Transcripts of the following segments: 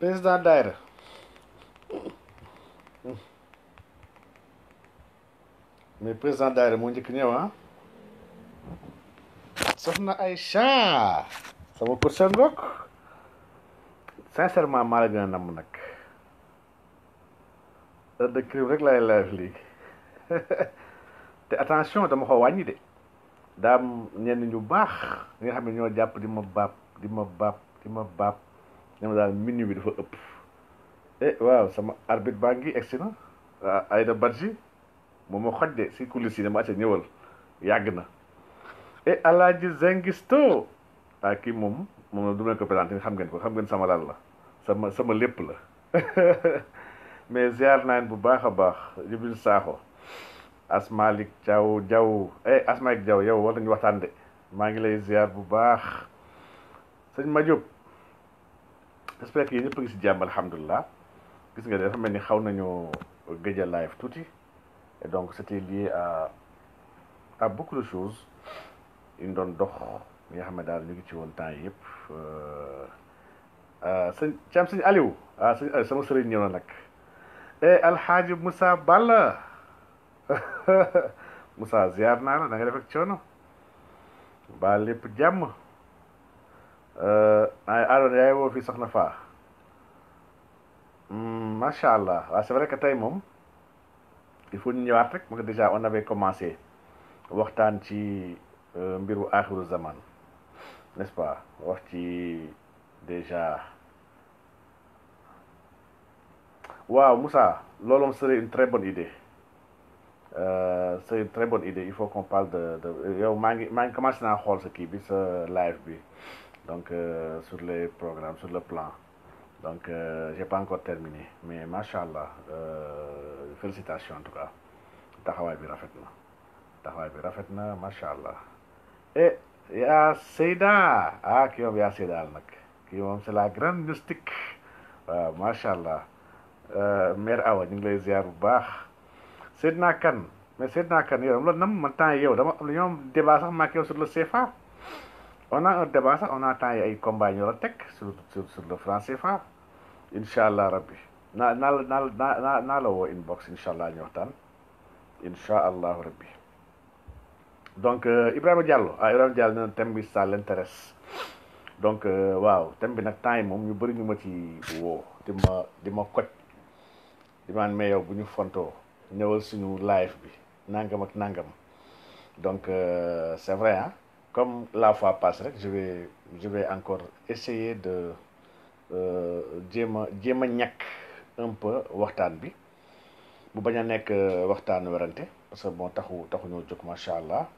Pensa na Daira. Me pensa na Daira, muito que nem eu, na Aisha. Sama kursan gok. Sincèrement, ma malaga nam nak. Da de crime rek lay live li. Te atenção, dama ko wañi de. Dam, ñenn ñu baax, nga xam ne ñoo jàpp di ma bàpp, di ma bàpp, di ma bàpp. ne ma daal minuit bi dafa ëpp eh waaw sama arbitre baa ngi egsi na ah, Aïda Badji moom moo xoj de si coulisse yi ne ma acca ñëwal yàgg na e Alaaji Zengisto ah kii moom moom la du ma leen ko présenté xam ngeen ko xam ngeen sama lan la sama sama lépp la mais ziar naa bu baax a baax Jibril Saaxo Asmalik Jaw Jaw eh Asmalik Jaw yow war nañu waxtaan de maa ngi lay ziar bu baax sëñ Madiop j'espère que yéen ngi si jàmm alhamdulilah gis nga dafa mel ni xaw nañu gëj a live tuuti et donc c' était lié à à beaucoup de choses yu ñu doon dox yi nga xam ne daal ñu ngi ci woon temps yi yëpp euh, euh, sëñ Thiam sëñ Aliou ah sëñ euh, sama sëriñ ñëw na nag eh Alxaaji Moussa Balla Moussa ziar naa la da coono ba lépp jàmm. Aaron euh, yaay woo fii soxna faa mm, macha allah Machallah. c'est vrai que tey moom il faut ñu ñëwaat rek parce que déjà on avait commencé waxtaan ci euh, mbiru axiru zaman n'est-ce pas wax ci déjà waaw Moussa loolu serait une très bonne idée euh, serait une très bonne idée il faut qu'on parle de de yow maa ngi maa ngi commencé naa xool sa kii bi live bi donc, euh, sur les programmes, sur le plan. Donc, euh, j'ai pas encore terminé. Mais machallah, euh, félicitations en tout cas. fait bi rafetna. bi rafetna, machallah. Et eh, il ah Seda. Ah, qui c'est la grande mystique machallah mère Awa mais kan sur le CFA on a un débat ay combats ñu la teg sur sur sur le franc CFA incha allah rabbi naa naa naa naa la woo inbox incha allah ñu waxtaan incha allah rabbi donc euh, Ibrahima Diallo ah Ibrahima Diallo nee na thème bi ça donc euh, waaw thème bi nag temps yi moom ñu bëri ñu ma ci woo di ma di ma koj di ma mais yow bu ñu fontoo ñëwal suñu live bi nangam ak nangam donc euh, c'est vrai ah. comme la fois passée, je vais je vais encore essayer de euh, jéem a jéem a un peu waxtan bi bu baña nek waxtan euh, waxtaan werante parce que bon taxu taxu jox jóg macha allah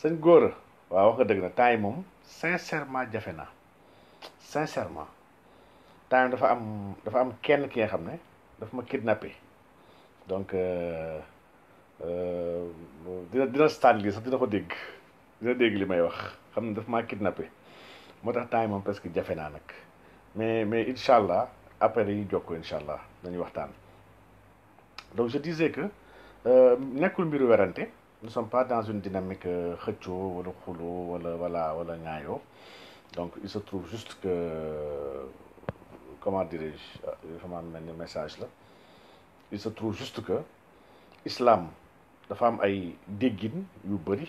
sëñ goor wa wax deug na tay mom sincèrement jafena sincèrement temps dafa am dafa am kenn ki nga xam ne daf ma kidnappé donc euh, euh dina dina staan li sax dina ko dégg. dina dégg li may wax xam ne daf maa kidnappé moo tax temps yi moom parce que jafe naa nag mais mais incha allah après dañuy jokkoo incha allah dañuy waxtaan donc je disais que euh, nekkul mbiru werante nous sommes pas dans une dynamique euh, xëccoo wala xuloo wala wala wala ñaayoo donc il se trouve juste que comment dirais-je euh, dafa mel ni message la il se trouve juste que islam dafa am ay déggin yu bëri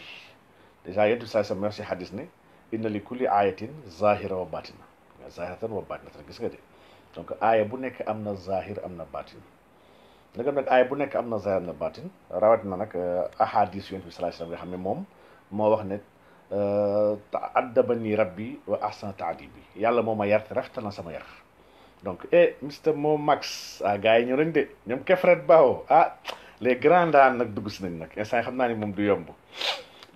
déjà yonent bi saa sam wax si xadis ne inna li kulli aayatin zahira wa batina nga zahiratan wa batina tan gis nga de donc aaya bu nekk am na zahir am na batin nagam nag aaya bu nekk am na zahir am na batin rawat na nag ahadis yonent bi saa sam nga xam ne moom moo wax ne addabani rabbi wa ahsana taadibi yàlla moo ma yar sama yar donc eh mr Mo Max ah gars yi ñëw nañ de ñoom Kefret Bao ah les grands daan nag dugg si nañ nag instant xam naa ne moom du yomb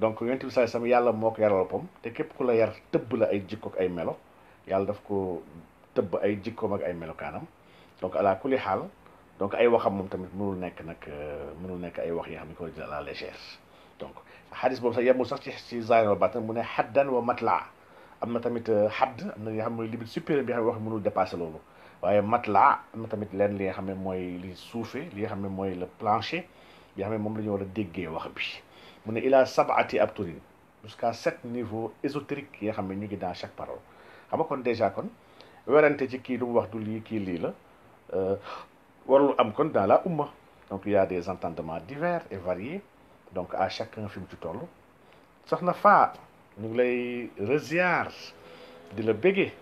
donc yoon bi saay sama yàlla moo ko yaral boppam te képp ku la yar tëbb la ay jikko ak ay melo yàlla daf ko tëbb ay jikkoom ak ay melokaanam donc ala kuli xaal donc ay waxam moom tamit mënul nekk nag mënul nekk ay wax yi nga xam ne ko jël à la légère donc xadis boobu sax yemul sax ci ci zaahir wa baatin mu ne xaddan wa matla am na tamit xadd am na li nga xam ne limite supérieure bi nga xam wax mënul dépasser loolu waaye matla am na tamit lenn li nga xam ne mooy li suufee li nga xam ne mooy le plancher bi nga xam ne moom la ñu war a déggee wax bi mu ne ila sab'ati abturin jusqu'à sept niveaux ésotériques yi nga xam ne ñu ngi dans chaque parole xam kon déjà kon werante ci kii lu mu wax du lii kii lii la euh, am kon dans la umma donc il y a des entendements divers et variés donc à chacun fi mu ci toll soxna faa ñu ngi lay reziar di la begué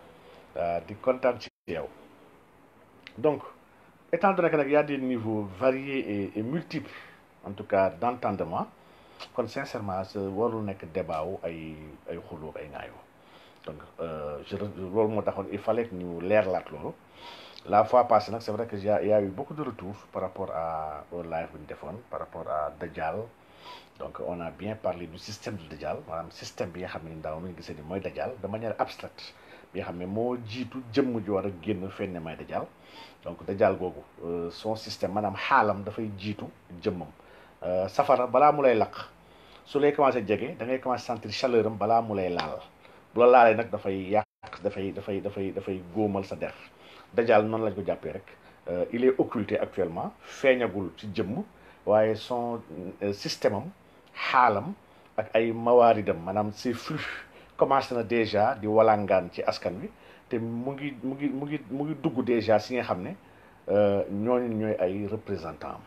euh, di kontaan ci yow donc étant donné que nag y a des niveaux variés et multiples en tout cas d'entendement kon sincèrement sa euh, warul nekk débat wu ay ay xulóog ay ŋaayoo donc euh, je loolu moo taxoon il fallait que ñu leerlaat loolu la fois passée nag c'est vrai que y a eu beaucoup de retours par rapport a au live bu ñu defoon par rapport à Dajjal donc on a bien parlé du système de Dajjal maanaam système bi nga xam ne daaw nañu gisee ni mooy Dajjal de manière abstraite bi nga xam ne moo jiitu jëmm ji war a génn fenn may Dajjal donc Dajjal googu euh, son système maanaam xaalam dafay jiitu jëmmam safara balaa mu lay lakk. su lay commencé jege da ngay commencé sentir chaleur balaa mu lay laal bu la laalee nag dafay yàq dafay dafay dafay dafay góomal sa der dajaal noonu lañ ko jàppee rek euh, il est occulté actuellement feeñagul ci jëmm waaye son euh, système am xaalam ak ay mawaaridam maanaam si flux commencé na déjà di walangaan ci askan wi te mu ngi mu ngi mu ngi mu ngi dugg déjà si nga xam ne euh, ñooñu ñooy ay représentants am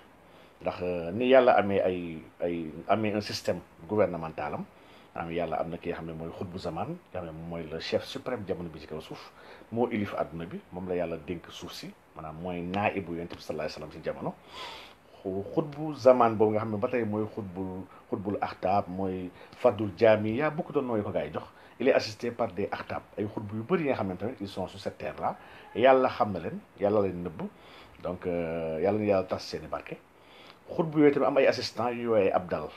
ndax euh, ni yàlla amee ay ay amee un système gouvernemental am am yàlla am na ki nga xam ne mooy xutbu zamaan nga xam ne mooy le chef suprême jamono bi ci kaw suuf moo ilif àdduna bi moom la yàlla dénk suuf si maanaam mooy naaibu yonent bi sallallahu alayhi si jamono xutbu zamaan boobu nga xam ne ba tey mooy xutbul xutbul axtaab mooy fadul jaami yaa beaucoup de noms yu ko gaa yi jox il est par des axtaab ay xutbu yu bëri yi nga xam ne tamit ils sont sur cette terre yàlla xam na leen yàlla leen nëbb donc euh, yàlla yàlla tas seeni barke xutbu yooyu tamit am ay assistants yu ay abdal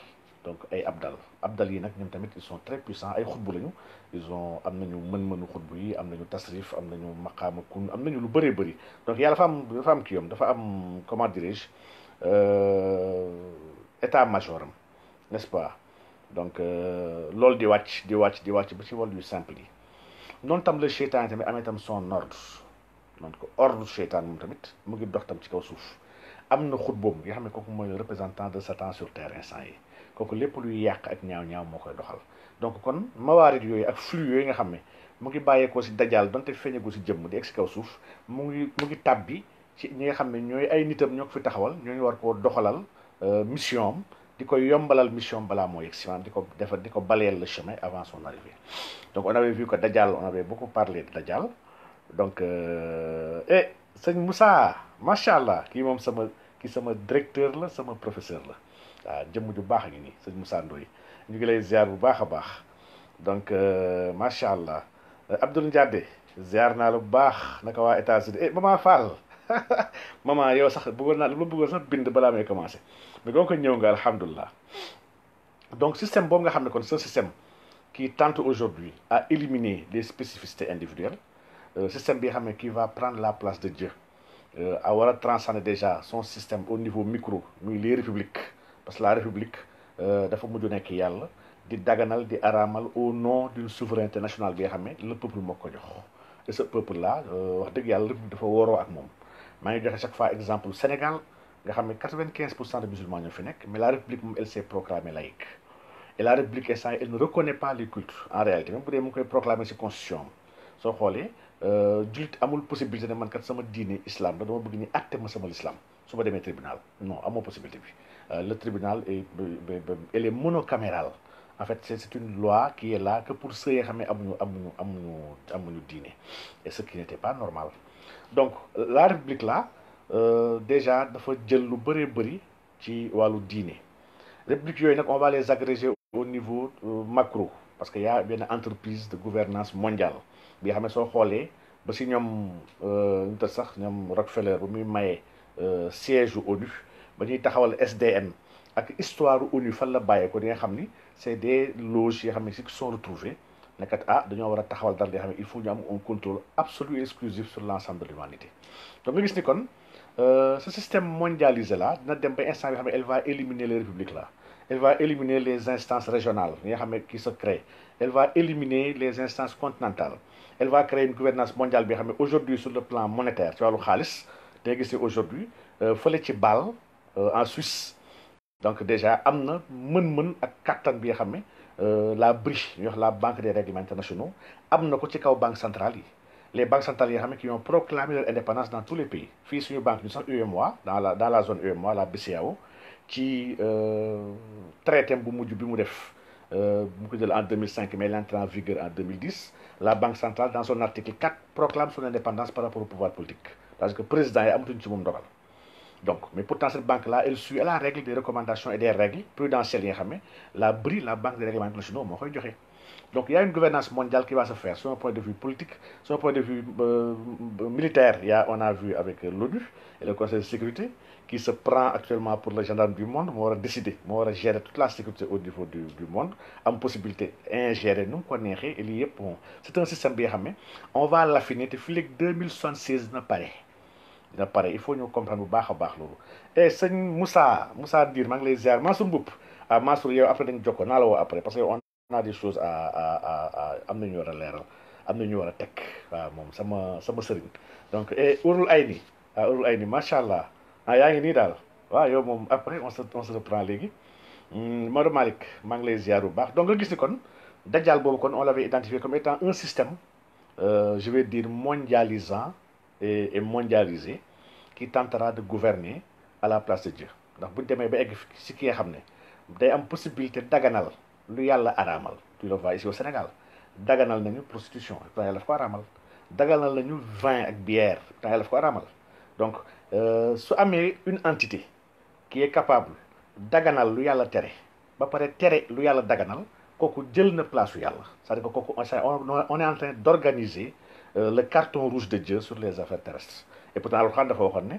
donc ay abdal abdal yi nag ñoom tamit ils sont très puissants ay xutbu lañu ils ont am nañu mën-mënu xutbu yi am nañu tasrif am nañu maqaama kun am nañu lu bëree bëri donc yàlla dafa am dafa am kiyam dafa am comment dirais-je euh, état major am n'est-ce pas donc euh, loolu di wàcc di wàcc di wàcc ba ci wàllu simple yi noonu tam le seytaan tamit amee tam son ordre donc ordre seytaan moom tamit mu ngi dox tam ci kaw suuf amna na nga xam ne kooku mooy le représentant de Satan sur terre instant yi kooku lépp luy yak ak ñaaw-ñaaw mo koy doxal donc kon mawaarit yoy ak flux yoy nga xam mu ngi ko ci dajal donte feeñagul ci jëm di ex kaw suuf mu ngi mu ngi tabbi ci ñi nga xam ñoy ay nitam ñok fi taxawal ñoy war ko doxalal euh, mission di ko yombalal mission bala moo yegg si di ko defar di ko baleel le chemin avant son arrivée donc on avait vu que dajal on avait beaucoup parlé de dajal donc euh, et Moussa Musa, masyaallah, ki mom sama ki sama directeur la sama professeur la waaw ah, jëm ju baax ngi ni sëñ Musa Ndoy. ñu ngi lay ziar bu baaxa baax donc euh, masyaallah. Uh, eh, Abdoul Ndiadé ziar na lu baax naka wa États-Unis eh mama Fall mama yow sax bëggoon naa lu ma sax bind bala may commencé mais boo ko ñëw nga alhamdullah. donc système bo nga xamné kon ce système qui tente aujourd'hui à éliminer les spécificités individuelles Euh, système bi qui va prendre la place de Dieu euh, a déjà déjà son système au niveau micro les républiques parce que la république euh, dafa mujj nekk yàlla di daganal di au nom d'une souveraineté nationale bi le peuple et ce peuple là wax il faut république dafa woroo ak Je vais chaque fois exemple Sénégal 95% des de musulmans sont fi mais la république elle s'est proclamée laïque et la république elle ne reconnaît pas les cultes en réalité même pourrait dee koy proclamer constitution soo euh julit amul possibilité de man kat sama dîner islam da dama bëgg ñu atté ma sama l'islam su ba démé tribunal non amo possibilité bi euh, le tribunal est elle est monocaméral, en fait c'est une loi qui est là que pour ceux xamé xam ne amuñu amuñu amuñu amuñu et ce qui n'était pas normal donc la république là euh, déjà dafa jël lu bëré bëri ci walu diine république yoy nak on va les agréger au niveau euh, macro parce qu'il y a une entreprise de gouvernance mondiale bi xam ne soo xoolee ba si ñoom euh, ñu te sax ñoom Rockefeller bu muy maye euh, siège au ONU ba ñuy taxawal SDN ak histoire ONU fan la bàyyee ko di nga xam ni c'est des loges yi xam ne si sont retrouvés nekkat ah dañoo war a taxawal dara nga xam il faut ñu am un contrôle absolu et exclusif sur l'ensemble de l'humanité donc nga gis ni kon euh, ce système mondialisé là dina dem ba instant bi xam ne elle va éliminer les républiques là elle va éliminer les instances régionales yi nga xam ne se créent elle va éliminer les instances continentales elle va créer une gouvernance mondiale aujourd'hui sur le plan monétaire tu vois le Khalis c'est aujourd'hui aujourd'hui faut les euh, en Suisse donc déjà il y a mën ak katan bi xamé euh, la BRIC, la banque des règlements internationaux Il y ko ci kaw banque centrale les banques centrales yi qui ont proclamé leur indépendance dans tous les pays fii suñu banque ñu sax dans la dans la zone UMOA, la BCAO, e qui euh, traité bu mujj bi mu beaucoup en 2005, mais elle est en vigueur en 2010. La Banque centrale, dans son article 4, proclame son indépendance par rapport au pouvoir politique. Parce que le président est donc, mais pourtant, cette banque-là, elle suit la règle des recommandations et des règles prudentielles. La BRI, la Banque des règlements internationaux, donc il y a une gouvernance mondiale qui va se faire, sur un point de vue politique, sur un point de vue euh, militaire. Il y a, on a vu avec l'ONU et le Conseil de sécurité, qui se prend actuellement pour le gendarme du monde moo décider gérer toute la sécurité au niveau du monde am possibilité ingérer nous, qu'on c'est un système bien, on va l'affiner deux mille il faut comprendre a baax et Moussa Moussa les lay Mansour ah après parce que a des choses à à à a donc et ah yaa ngi nii daal waaw yow après on se on se reprend léegi hmm, Mado Malick maa ngi lay ziar bu baax donc nga gis ni kon dajjal boobu kon on l'avait identifié comme étant un système euh, je vais dire mondialisant et, et mondialisé qui tentera de gouverner à la place de Dieu ndax buñ demee ba egg si ki nga xam ne day am possibilité daganal lu yàlla araamal tu le vois ici au Sénégal daganal nañu prostitution pourtant yàlla daf ko araamal daganal nañu vin ak bière pourtant yàlla daf ko araamal donc euh, su amee une entité qui est capable daganal lu yàlla tere ba pare tere lu yàlla daganal kooku jël na place su yàlla c'est-à-dire que kooku on est en train d'organiser euh, le carton rouge de Dieu sur les affaires terrestres et pourtant alxuraan dafa waxoon ne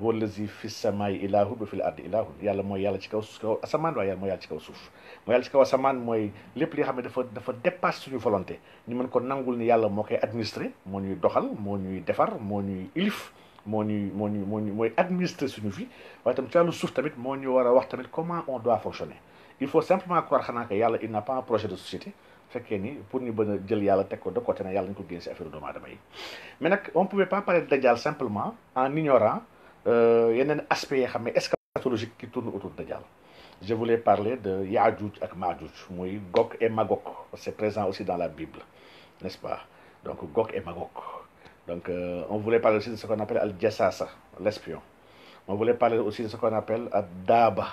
huwa allazi fi samaai ilaahu ba fil ardi ilaahu yàlla mooy yàlla ci kaw suuf kaw asamaan waaye yàlla mooy yàlla ci kaw suuf mooy yàlla ci kaw asamaan mooy lépp li nga xam ne dafa dafa dépasse suñu volonté ñu mën ko nangul ni yàlla moo koy administrer moo ñuy doxal moo ñuy defar moo ñuy ilif moo ñuy moo ñuy administration vie va ci wàllu souf tamit mo ñu wara tamit comment on doit fonctionner il faut simplement croire xanaa que yalla il n'a pas un projet de société fekkee ni pour ni bëgg a jël yàlla teg ko de côté na yalla ñu ko affaire mais on on pouvait pas parler de Dajjal simplement en ignorant euh, yeneen aspects yi eschatologique qui tourne autour de Dajjal je voulais parler de yajuj et majuj moy Gok et Magok. c'est présent aussi dans la Bible n'est-ce pas donc Gok et Magok. Donc, euh, on voulait parler aussi de ce qu'on appelle Al-Jassasa, l'espion. On voulait parler aussi de ce qu'on appelle Ad-Daba,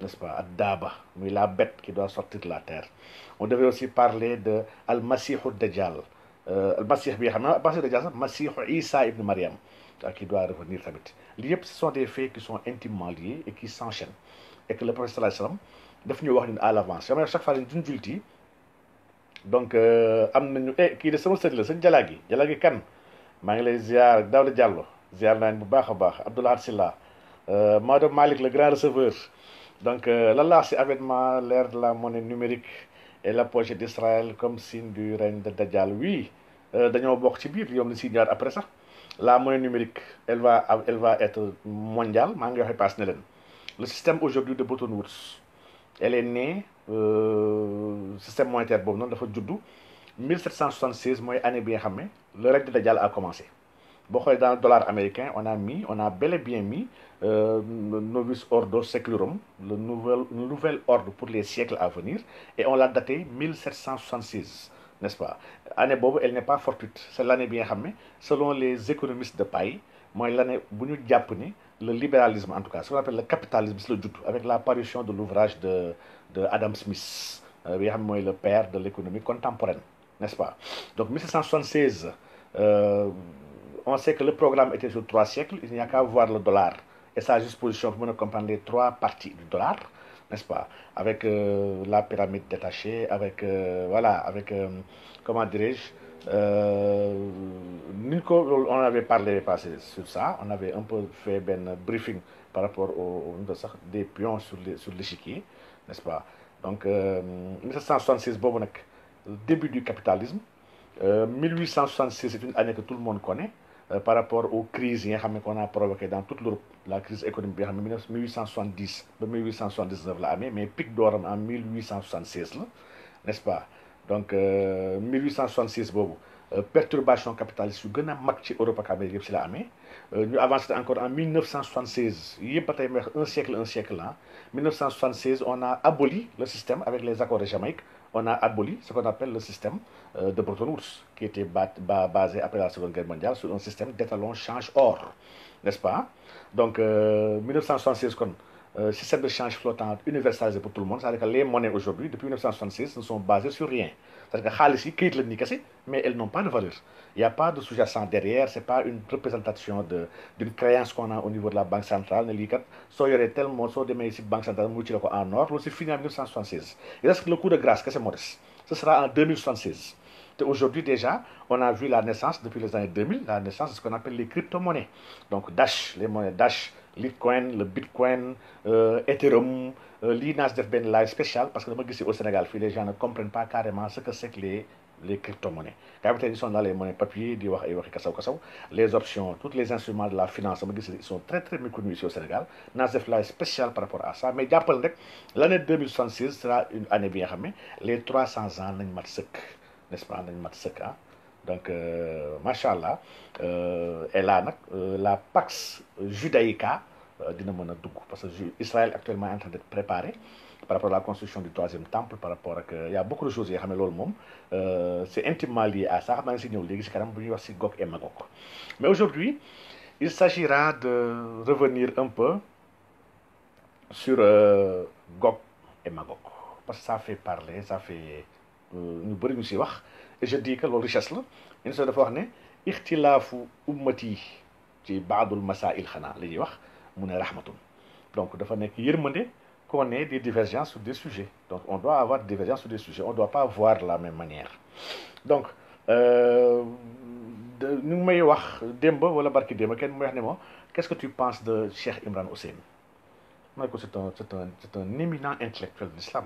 n'est-ce pas Ad-Daba, mais la bête qui doit sortir de la terre. On devait aussi parler de Al-Masih Dajjal. Euh, Al-Masih Dajjal, Masih Isa ibn Maryam euh, qui doit revenir. L'IEP, ce sont des faits qui sont intimement liés et qui s'enchaînent. Et que le prophète sallallahu alayhi wa sallam, nous avons à l'avance. Chaque fois, une donc euh, am nañu eh, de sama sët la Djalagi. Djalagi, Jalagi maa ngi lay ziar Daouda Diallo ziar naa bu baax a baax Abdoulaye Sylla euh, Maodo Malick le grand receveur donc euh, la laa si avènement l'ère de la monnaie numérique et l'apogée d'Israël comme signe du règne de Dajjal oui euh, dañoo bokk ci biir yoom li si ñëwaat après sax la monnaie numérique elle va elle va être mondiale maa ngi waxee paas ne leen le système aujourd'hui de Bretton Woods elle est née système monétaire boobu nag dafa juddu 1776 mooy année bi le règne de Dajjal a commencé dans le dollar américain on a mis on a bel et bien mis euh, le novus ordo securum, le nouvel nouvel ordre pour les siècles à venir et on l'a daté 1766, n'est-ce pas année boobu elle n'est pas fortuite c'est l'année bi nga selon les économistes de paille mooy l'année bu le libéralisme en tout cas ce qu'on appelle le capitalisme avec l'apparition de l'ouvrage de de Adam Smith euh, le père de l'économie contemporaine n'est-ce pas Donc 1776, euh, on sait que le programme était sur trois siècles, il n'y a qu'à voir le dollar et sa disposition pour nous comprendre les trois parties du dollar, n'est-ce pas Avec euh, la pyramide détachée, avec, euh, voilà, avec, comment dirais-je Nico, on avait parlé passé sur ça, on avait un peu fait un briefing par rapport au, des pions sur l'échiquier, n'est-ce pas Donc, 1776, bon, le début du capitalisme. Euh, 1866, c'est une année que tout le monde connaît euh, par rapport aux crises qu'on a provoquées dans toute l'Europe. La crise économique, 1870 1879, là, mais pic d'or en 1876, n'est-ce pas? Donc, euh, 1866, euh, perturbation capitaliste yu a Europe la euh, encore en 1976 il a un siècle un siècle hein. là 1976 on a aboli le système avec les accords de Jamaïque on a aboli ce qu'on appelle le système euh, de Bretton Woods, qui était basé après la Seconde Guerre mondiale sur un système d'étalon change or, n'est-ce pas Donc, 1966, euh, euh, système de change flottant universalisé pour tout le monde. C'est-à-dire que les monnaies aujourd'hui, depuis 1966, ne sont basées sur rien. C'est-à-dire que les ni le mais elles n'ont pas de valeur. Il n'y a pas de sous-jacent derrière, ce n'est pas une représentation d'une créance qu'on a au niveau de la Banque centrale. Il y aurait tel morceau de Banque centrale en or, c'est fini en 1966. Et là, le coup de grâce, que c'est modeste. Ce sera en 2076. Aujourd'hui déjà, on a vu la naissance, depuis les années 2000, la naissance de ce qu'on appelle les crypto-monnaies. Donc Dash, les monnaies Dash, litcoin le Bitcoin euh, Ethereum euh, lii naa si def ben spécial parce que dama au Sénégal les gens ne comprennent pas carrément ce que c'est que les les crypto-monnaies Quand ils sont dans les monnaies papier les options tous les instruments de la finance ils sont très très méconnus ici au Sénégal naa là est spécial par rapport à ça mais d'après l'année 2066 sera une année bien ramée. les 300 ans n'est mat pas, n'est-ce pas donc euh, machallah, elle euh, euh, la pax judaïca parce que Israël actuellement en train d'être préparé par rapport à la construction du troisième temple par rapport à... Il y' a beaucoup de choses qui xam intimement lié à ça et mais aujourd'hui il s'agira de revenir un peu sur Gog et Magog parce que ça fait parler ça fait nous bëri je dis que loolu richesse la une dafa wax ne ixtilaafu ummati yi ci baadul masail xanaa la ñuy wax mu ne rahmatun donc dafa nekk yërmande qu'on ait des divergences sur des sujets donc on doit avoir des divergences sur des sujets on doit pas voir la même manière donc ñu euh, ngi may wax démba wala barki démba kenn may wax ne ma qu'est-ce que tu penses de Cheikh Imran Hussein ma ko c'est un c'est un c'est un éminent intellectuel de l'islam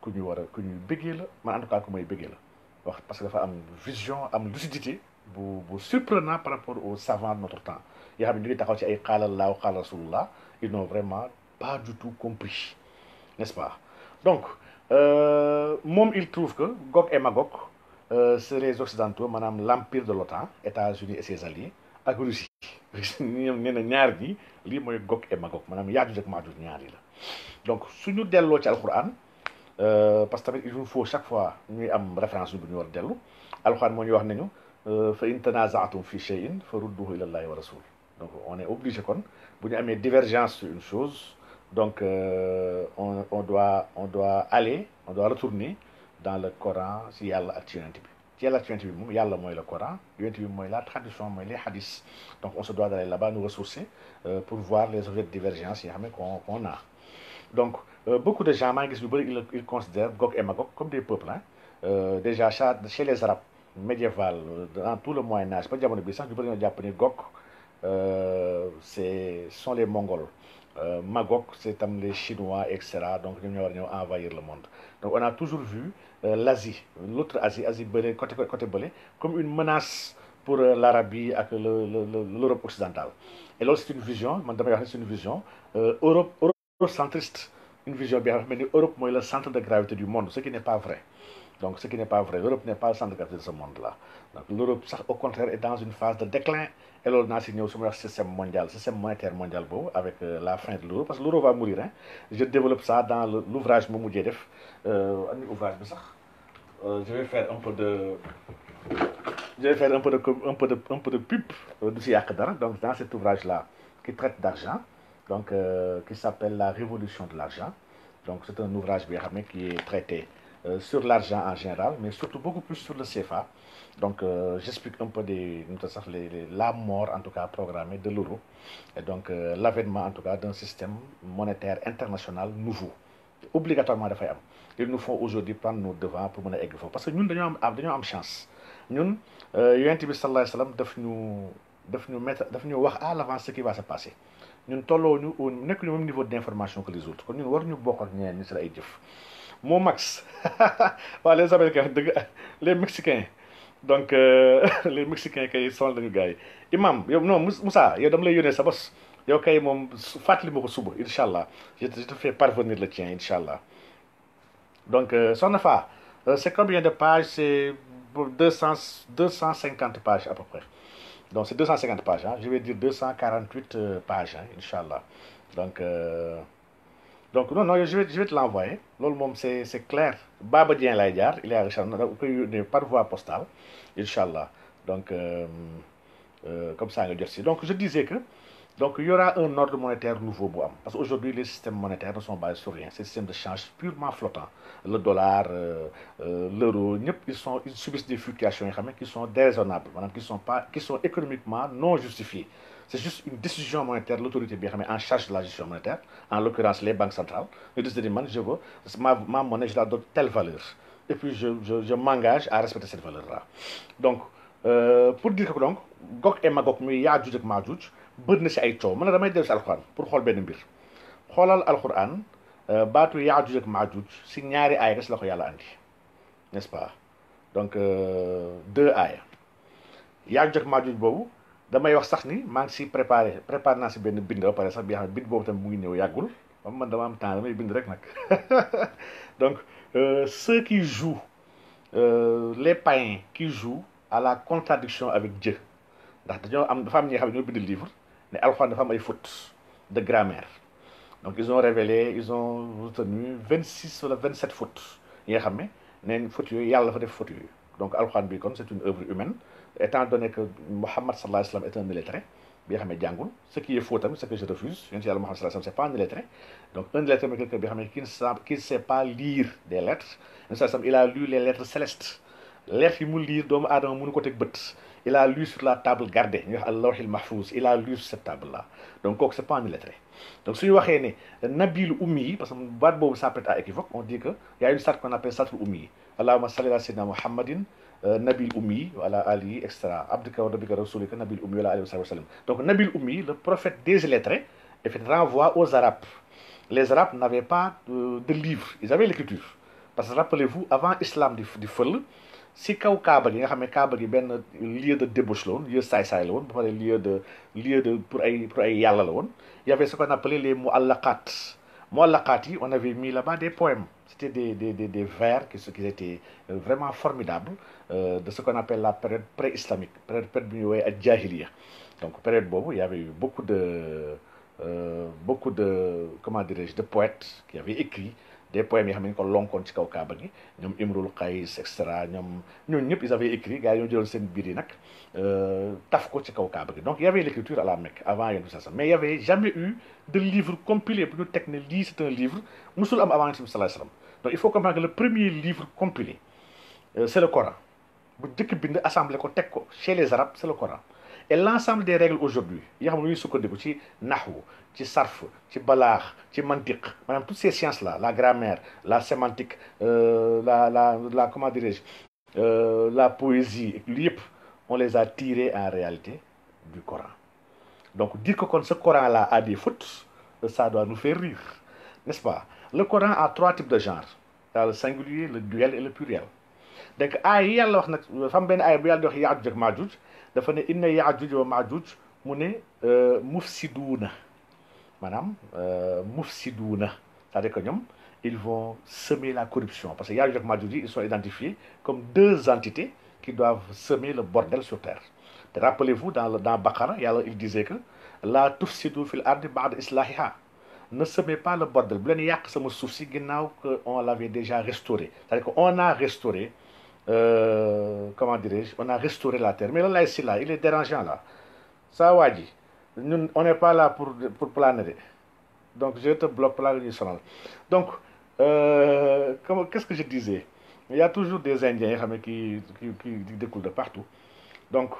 ku ñu war a ku ñuy la man en tout cas ku may la wax parce que dafa am vision am lucidité bu bu surprenant par rapport aux savants de notre temps il xam ne ñu ngi taxaw ci dit qaala rasulullah ils n'ont vraiment pas du tout compris n'est-ce pas donc euh, moom il trouve que Gog et Magog euh, c'est les occidentaux maanaam l'empire de l'OTAN États-Unis et ses alliés ak Russie ñoom nee na ñaar bi lii mooy Gog et Magog maanaam Yaajuuj ak Maajuuj ñaar yi la donc suñu delloo ci alquran euh, parce que nous faut chaque fois ñuy am référence bu ñu war dellu alxuraan mo ñu wax nañu euh, fa in tanaza'tum fi shay'in fa rudduhu ila allahi wa rasul donc on est obligé kon bu ñu une divergence sur une chose donc euh, on on doit on doit aller on doit retourner dans le Coran si Yalla ak ci yonent bi ci yalla yonent bi le Coran yonent bi la tradition moy les hadiths donc on se doit d'aller là-bas nous ressourcer pour voir les objets de divergence qu'on qu'on a donc euh, beaucoup de gens ils considèrent Gog et Magog comme des peuples hein. euh, déjà chez les arabes médiévaux, euh, dans tout le Moyen Âge pas ne bi pas si c'est sont les Mongols Magog c'est comme les Chinois etc. donc ils vont envahir le monde donc on a toujours vu l'Asie l'autre Asie Asie côté comme une menace pour l'Arabie et l'Europe occidentale. Et là, c'est une vision, c'est une vision euh, eurocentriste une vision bien, mais l'Europe est le centre de gravité du monde ce qui n'est pas vrai donc ce qui n'est pas vrai l'Europe n'est pas le centre de gravité de ce monde là l'Europe au contraire est dans une phase de déclin et est dans si ñëw le système mondial système monétaire mondial avec euh, la fin de l'euro parce que l'euro va mourir hein. je développe ça dans l'ouvrage Moumoudjedef. Un euh, Un ouvrage euh, je vais faire un peu de je vais un peu de un peu de un peu de pub donc dans cet ouvrage là qui traite d'argent donc, euh, qui s'appelle La Révolution de l'argent. Donc, c'est un ouvrage qui est traité euh, sur l'argent en général, mais surtout beaucoup plus sur le CFA. Donc, euh, j'explique un peu des, la mort, en tout cas, programmée de l'euro, et donc l'avènement, en tout cas, d'un système monétaire international nouveau. Obligatoirement, de faire. Il nous faut aujourd'hui prendre nos devants pour mener vous Parce que nous, nous avons une chance. Nous, euh, sallallahu alayhi wa nous mettre, nous à l'avance ce qui va se passer. Nous tolloo ñu même niveau d'information que les autres war ñu ay max les américains les mexicains donc euh, les mexicains kay imam non Moussa yow dama lay yónnee sa bos yow kay moom fàttali ma suba je te fais parvenir le tien donc euh, soxna euh, c'est combien de pages c'est deux pages à peu près donc c'est 250 pages, hein. je vais dire 248 euh, pages, hein, Inch'Allah. Donc, euh, donc non, non, je vais, te l'envoyer. L'olmom, c'est clair. Baba Dien Laïdjar, il est à Richard, par voie postale, Inch'Allah. Donc, euh, euh, comme ça, Donc je disais que donc il y aura un ordre monétaire nouveau. Parce qu'aujourd'hui, les systèmes monétaires ne sont pas sur rien. un système de change purement flottant. Le dollar, euh, euh, l'euro, ils, ils subissent des fluctuations qui sont déraisonnables, qui sont, pas, qui sont économiquement non justifiées. C'est juste une décision monétaire, l'autorité en charge de la gestion monétaire, en l'occurrence les banques centrales, ils disent, je veux, ma, monnaie, je la donne telle valeur. Et puis je, je, m'engage à respecter cette valeur-là. Donc, euh, pour dire que donc, Gok et Magok, mais il y a de bëri na si ay coow man damay dellu si alxuraan pour xool benn mbir xoolal alxuraan euh, baatu yaajuj ak maajuj si ñaari aaya res la ko yàlla andi n'est-ce pas donc euh, deux aaya yaajuj ak maajuj boobu damay wax sax ni maa ngi si préparé préparé naa si benn bind ba pare sax bi nga xam ne bind boobu tamit mu ngi ñëw yàggul am man dama am temps damay bind rek nag donc euh, ceux qui jouent les païens qui jouent à la contradiction avec Dieu ndax dañoo am dafa am ñi nga xam ne ñoo bind livre mais alxuraan dafa am ay fautes de grammaire donc ils ont révélé ils ont retenu 26 ou wala 27 fautes yi nga xam ne neen fautes yooyu yàlla def fautes donc alxuraan bi kon c' une œuvre humaine étant donné que Mohammed sallallahu alayhi wasallam est un illettré bi xamé jangul ce qui est faux tamit ce que je refuse yonent yàlla Mouhammad sallallahu alayhi wasallam sallam pas un illettré donc un illettré mais quelqu'un bi xamé qui ne sait qui ne sait pas lire des lettres yonent sallallahu alayhi wasallam, il a lu les lettres célestes lettres yi mu lire doomu adama mënu ko tek beut il a lu sur la table gardée ñu wax mahfouz il a lu sur cette table là donc ce c'est pas un illettré donc suñu waxee né nabil ummi parce que baat de ça prête à équivoque on dit que y a une sat qu'on appelle satul ummi allahumma salli ala sayyidina muhammadin euh, nabil ummi yi Ali, ala ali et cetera abdika wa Nabil rasulika nabil ummi wa ala alihi wa sallam donc nabil ummi le prophète des illettrés et fait renvoi aux arabes les arabes n'avaient pas de, de livre ils avaient l'écriture parce que rappelez-vous avant l'islam du feu si kaw kaaba gi nga xam ne kaaba gi benn lieu de débauche la woon lieu saay-saay la woon ba pare lieu de lieu de pour ay pour ay yàlla la woon y avait ce qu'on appelait les muallaqat muallaqat yi on avait mis là-bas des poèmes c'était des des des des vers qui qui étaient euh, vraiment formidables euh, de ce qu'on appelle la période pré-islamique période période bi ñuy ak jahiliya donc période boobu y avait eu beaucoup de euh, beaucoup de comment dirais-je de poètes qui avaient écrit des poèmes yoo ko ne ko lonkoon ci kaw kaaba gi ñoom Imrul Qays et cetera ñoom ñooñu ñëpp a avaient écrit gars ñoo jëloon seen biir yi nag euh, taf ko ci kaw kaaba gi donc ya avait l'écriture à la Mecque avant yonent bi sallallahu alayhi mais y avait jamais eu de livre compilé bu ñu teg ne lii c'est livre musul am avant yonent bi sallallahu alayhi wasallam donc il faut comprendre que le premier livre compilé euh, c'est le Coran bu njëkk bind assemblé ko teg ko chez les arabes c'est le Coran et l'ensemble des règles aujourd'hui il il y a ne ñuy sukkandiku ci naxwu ci sarf ci balaax ci mantique. maanaam toutes ces sciences là la grammaire la sémantique euh, la la la comment dirais-je euh, la poésie on les a tirées en réalité du Coran donc dire que ce Coran là a des fautes ça doit nous faire rire n'est-ce pas le Coran a trois types de genres dans le singulier le duel et le pluriel donc aay yi yàlla wax nag fam benn aay bu yàlla di wax dafa ne inna yaajuj wa maajuj mu ne euh, mufsiduuna maanaam euh, mufsiduna c'est-à-dire que ils vont semer la corruption parce que yaajuj ak maajuj ils sont identifiés comme deux entités qui doivent semer le bordel sur terre rappelez-vous dans le dans Baqara yalla il disait que la tufsidu fil ardi ba'd islahiha ne semez pas le bordel bu leen yàq sama suuf si que on l'avait déjà restauré c'est-à-dire qu'on on a restauré euh, comment dirais-je, on a restauré la terre. Mais là, là ici, là, il est dérangeant, là. Ça, Wadi, on n'est pas là pour, pour planer. Donc, je te bloque là, Donc, euh, qu'est-ce que je disais Il y a toujours des Indiens hein, qui, qui, qui découlent de partout. Donc,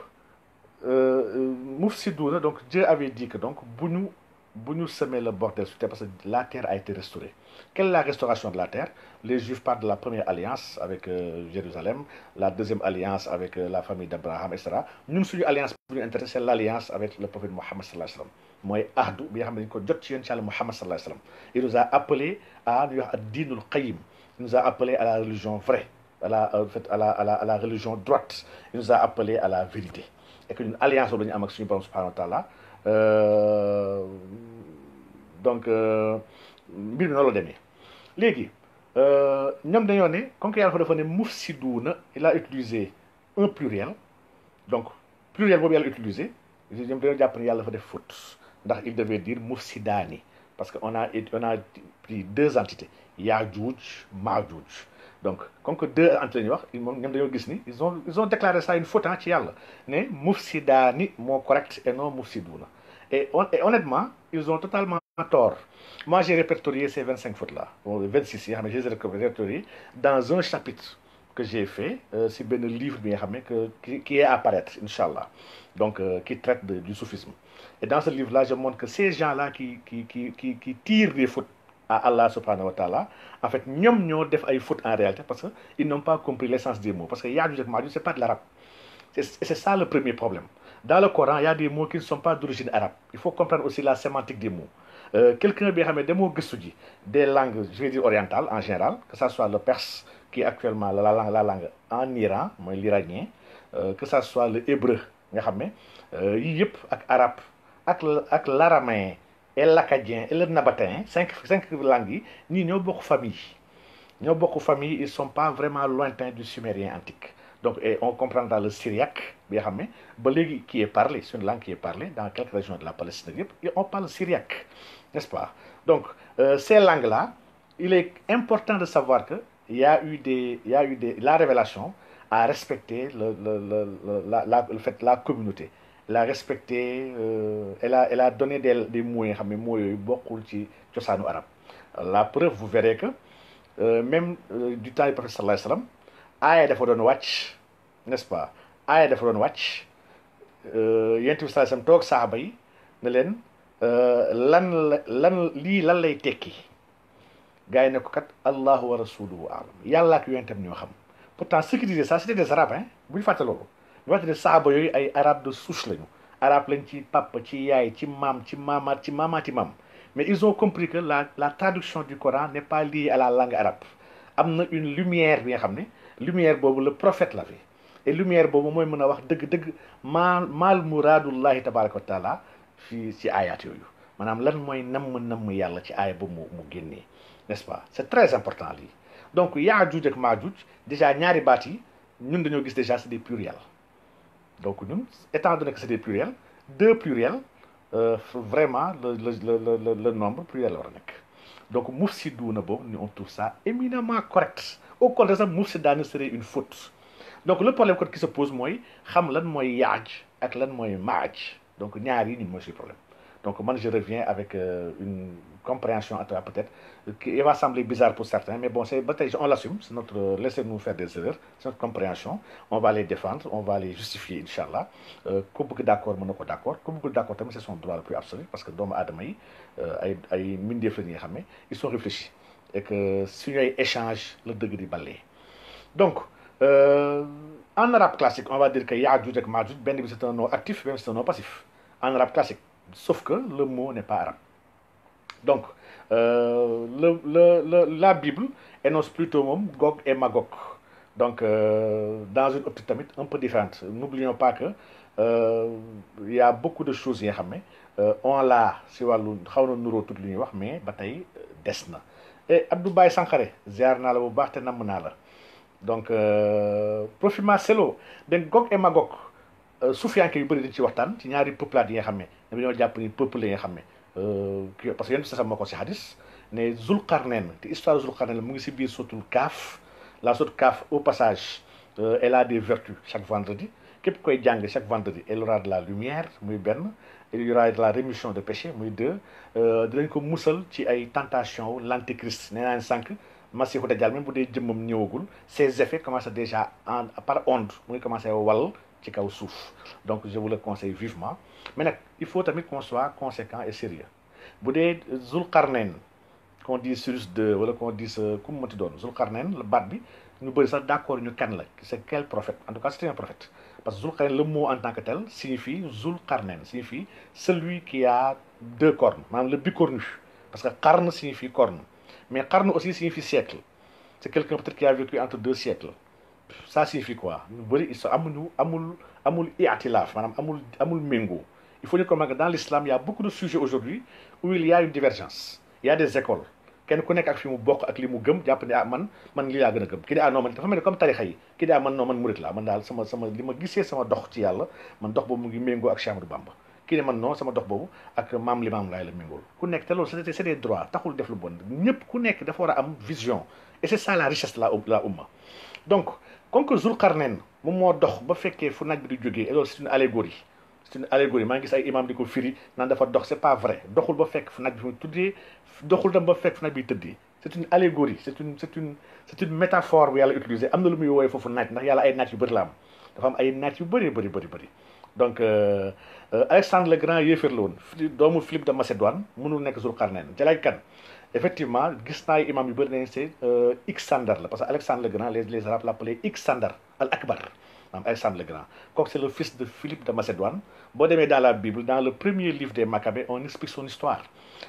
euh, euh donc Dieu avait dit que donc, Bounou, Bounou semait le bordel parce que la terre a été restaurée. Quelle est la restauration de la terre Les Juifs parlent de la première alliance avec euh, Jérusalem, la deuxième alliance avec euh, la famille d'Abraham, etc. Nous, sommes alliance pour nous c'est l'alliance avec le prophète Mohammed sallallahu alayhi wasallam. il nous a appelé à qayyim il nous a appelé à la religion vraie à la euh, en fait à la à la à la religion droite il nous a appelé à la vérité et que alliance au dañu am ak suñu borom subhanahu donc mbir mi noonu la demee léegi euh, ñoom dañoo ne comme que yàlla dafa ne mufsiduuna il a utilisé un pluriel donc pluriel boobu yàlla utilisé ñoom dañoo jàpp ne yàlla dafa def faute ndax il devait dire Mufsidani, parce que on a on a pris deux entités Yaajuuj Maajuuj donc comme que deux entités la ñuy wax moom ñoom dañoo gis ni ils ont ils ont déclaré ça une faute hein, ci yàlla ne Mufsidani, moo correct et non mufsiduuna et honnêtement ils ont totalement tort. Moi, j'ai répertorié ces 25 fautes-là, bon, 26, mais j'ai répertorié dans un chapitre que j'ai fait, euh, c'est c'est le livre que, qui, qui, est à apparaître, Inch'Allah, donc euh, qui traite du soufisme. Et dans ce livre-là, je montre que ces gens-là qui, qui, qui, tirent des fautes à Allah subhanahu wa ta'ala, en fait, ils n'ont pas fautes en réalité parce qu'ils n'ont pas compris l'essence des mots. Parce que a et Mahjouj, ce n'est pas de l'arabe. C'est ça le premier problème. Dans le Coran, il y a des mots qui ne sont pas d'origine arabe. Il faut comprendre aussi la sémantique des mots. Euh, quelqu'un bi nga des mots des langues je vais dire orientales en général que ça soit le perse qui est actuellement la langue la langue en Iran l'iranien euh, que ça soit le hébreu nga xam euh, l'araméen l'acadien et le nabatéen cinq cinq langues ni ñii ñoo famille ne de famille ils sont pas vraiment lointains du sumérien antique donc et on dans le syriaque bien qui est parlé c'est une langue qui est parlée dans quelques régions de la Palestine et on parle syriaque n'est-ce pas Donc, euh, ces langues-là, il est important de savoir que il y a eu des, il y a eu des, la révélation a respecté le, le, le, la, la, le fait la communauté. Elle a respecté, euh, elle, a, elle a donné des, des moyens, mais moyens beaucoup de cosano arabe. La preuve, vous verrez que euh, même euh, du temps du prophète sallallahu aïe de sallam, Watch, n'est-ce pas Aïe de doon Watch, euh, yonent bi sallallahu alayhi tout sallam toog saaba yi ne leen euh, lan lan li, lan lay tekki gars ne ko kat allah wa rasuluhu alam yalla ak yonentam ñoo xam pourtant sécuriser ça c'était des arabes hein bu ñu fàtte loolu ñu sahaba yoy ay arabes de souche lañu arab lañ ci papa ci yaay ci mam ci mama ci maamaati mam. mais ils ont compris que la la traduction du Coran n'est pas liée à la langue arabe amna une lumière bi nga xam lumière bobu le prophète la fi et lumière bobu moy mën wax deug deug mal maal muraadullahi tabaraka wa taala ci ci aayaat yooyu maanaam lan moy nam nam yalla ci aaya ba mu mu n'est-ce pas c'est très important lii donc yaajuuj ak maajuuj déjà ñaari baat yi ñun dañu gis déjà c'est des pluriels donc nous étant donné que c'est des pluriels deux pluriels euh, vraiment le le le le le nombre pluriel la donc mufsiduuna bo ni on trouve ça éminemment correct au contraire sax ne serait une faute donc le problème qui se pose moy xam lan moy yaaj ak lan moy maaj donc ñaar yi ni mooy problème donc moi je reviens avec euh, une compréhension à toi peut-être qui va sembler bizarre pour certains mais bon c'est on l'assume c'est notre laissez-nous faire des erreurs c'est notre compréhension on va les défendre on va les justifier inchallah qu'on euh, bëgg d'accord monaco d'accord qu'on bëggul d'accord c'est son droit le plus absolu parce que Dom Adamaï, demain euh, ay ay ils sont réfléchis et que si ñooy échange le degré di donc en arabe classique, on va dire que Yadjoud et Ma'juj, ben c'est un nom actif, ben c'est un nom passif. En arabe classique. Sauf que le mot n'est pas arabe. Donc, euh, la Bible énonce plutôt même Gog et Magog. Donc, euh, dans une optique un peu différente. N'oublions pas que euh, y a beaucoup de choses, on l'a, si mais bataille, desna. Et Abdou Baye Sankare, ziar na la bu la donc euh, profil Marcelo dégg Gog et Magog euh, suufiyanke yu bëri dañ ci waxtaan ci ñaari peuplades yi nga xam ne dañoo jàpp ni peuple yi nga xam ne euh, parce que yéen sasam moo ko si hadis ne Zulqarnayn te histoire Zulqarnayn la mu ngi si biir sotul kaaf la sotul kaaf au passage euh, elle a des vertus chaque vendredi képp koy jàng chaque vendredi elle aura de la lumière muy benn il y aura de la rémission de péché muy deux euh, dinañ ko musal ci ay tentation l'antéchrist nee naa sànq Massirou Dajjal même bu dee jëmmam ñëwagul ses effets commencent déjà en par onde mu commencé wal ci kaw suuf donc je vous le conseille vivement mais il faut tamit qu'on soit conséquent et sérieux bu dee qu'on dit Cyrus de wala qu'on dit comment tu donnes doon le la baat bi ñu bëri sax d'accord ñu kan la c'est quel prophète en tout cas c'est un prophète parce que Karnen », le mot en tant que tel signifie Zulqarnayn signifie celui qui a deux cornes maanaam le bicornu parce que carne signifie corne mais Qarn aussi signifie siècle. C'est quelqu'un peut-être qui a vécu entre deux siècles. Ça signifie quoi Il faut dire que dans l'islam, il y a beaucoup de sujets aujourd'hui où il y a une divergence. Il y a des écoles. kenn ku nekk ak fi mu bokk ak li mu gëm jàpp ne ah man man lii laa gën a gëm ki ne ah non man dafa mel ne comme tarixa yi ki ne ah man non man murit laa man daal sama sama li ma gisee sama dox ci yàlla man dox boobu mu ngi méngoo ak Cheikh Ahmadou Bamba kii ne man non sama dox boobu ak maam li maam laay la méngool ku nekk te loolu c'est des droits taxul def lu bon ñëpp ku nekk dafa war a am vision et c'est ça la richesse la la umma donc comme que Zulqarnayn moom moo dox ba fekkee fu naaj bi di jógee et loolu c'est une allégorie c'est une allégorie maa ngi gis ay imam di ko firi naan dafa dox c'est pas vrai doxul ba fekk fu naaj bi fu tuddee doxul tam ba fekk fu naaj bi tëddee c'est une allégorie c'est une c'est une c'est une métaphore bu yàlla utiliser am na lu muy woowee foofu naaj ndax yàlla ay naaj yu bëri la am dafa am ay naaj yu bëri bëri bëri bëri donc euh, euh, Alexandre le Grand yéefar la woon doomu Philippe de Macédoine mënul nekk Zulqarnayn Jalaay kan effectivement gis naa imam yu bëri nañ c'est Ixandar euh, la parce que Alexandre le Grand les les arabes l'appelaient Ixandar al akbar maanaam Alexandre le Grand kooku c'est le fils de Philippe de Macédoine boo demee dans la Bible dans le premier livre des Maccabées on explique son histoire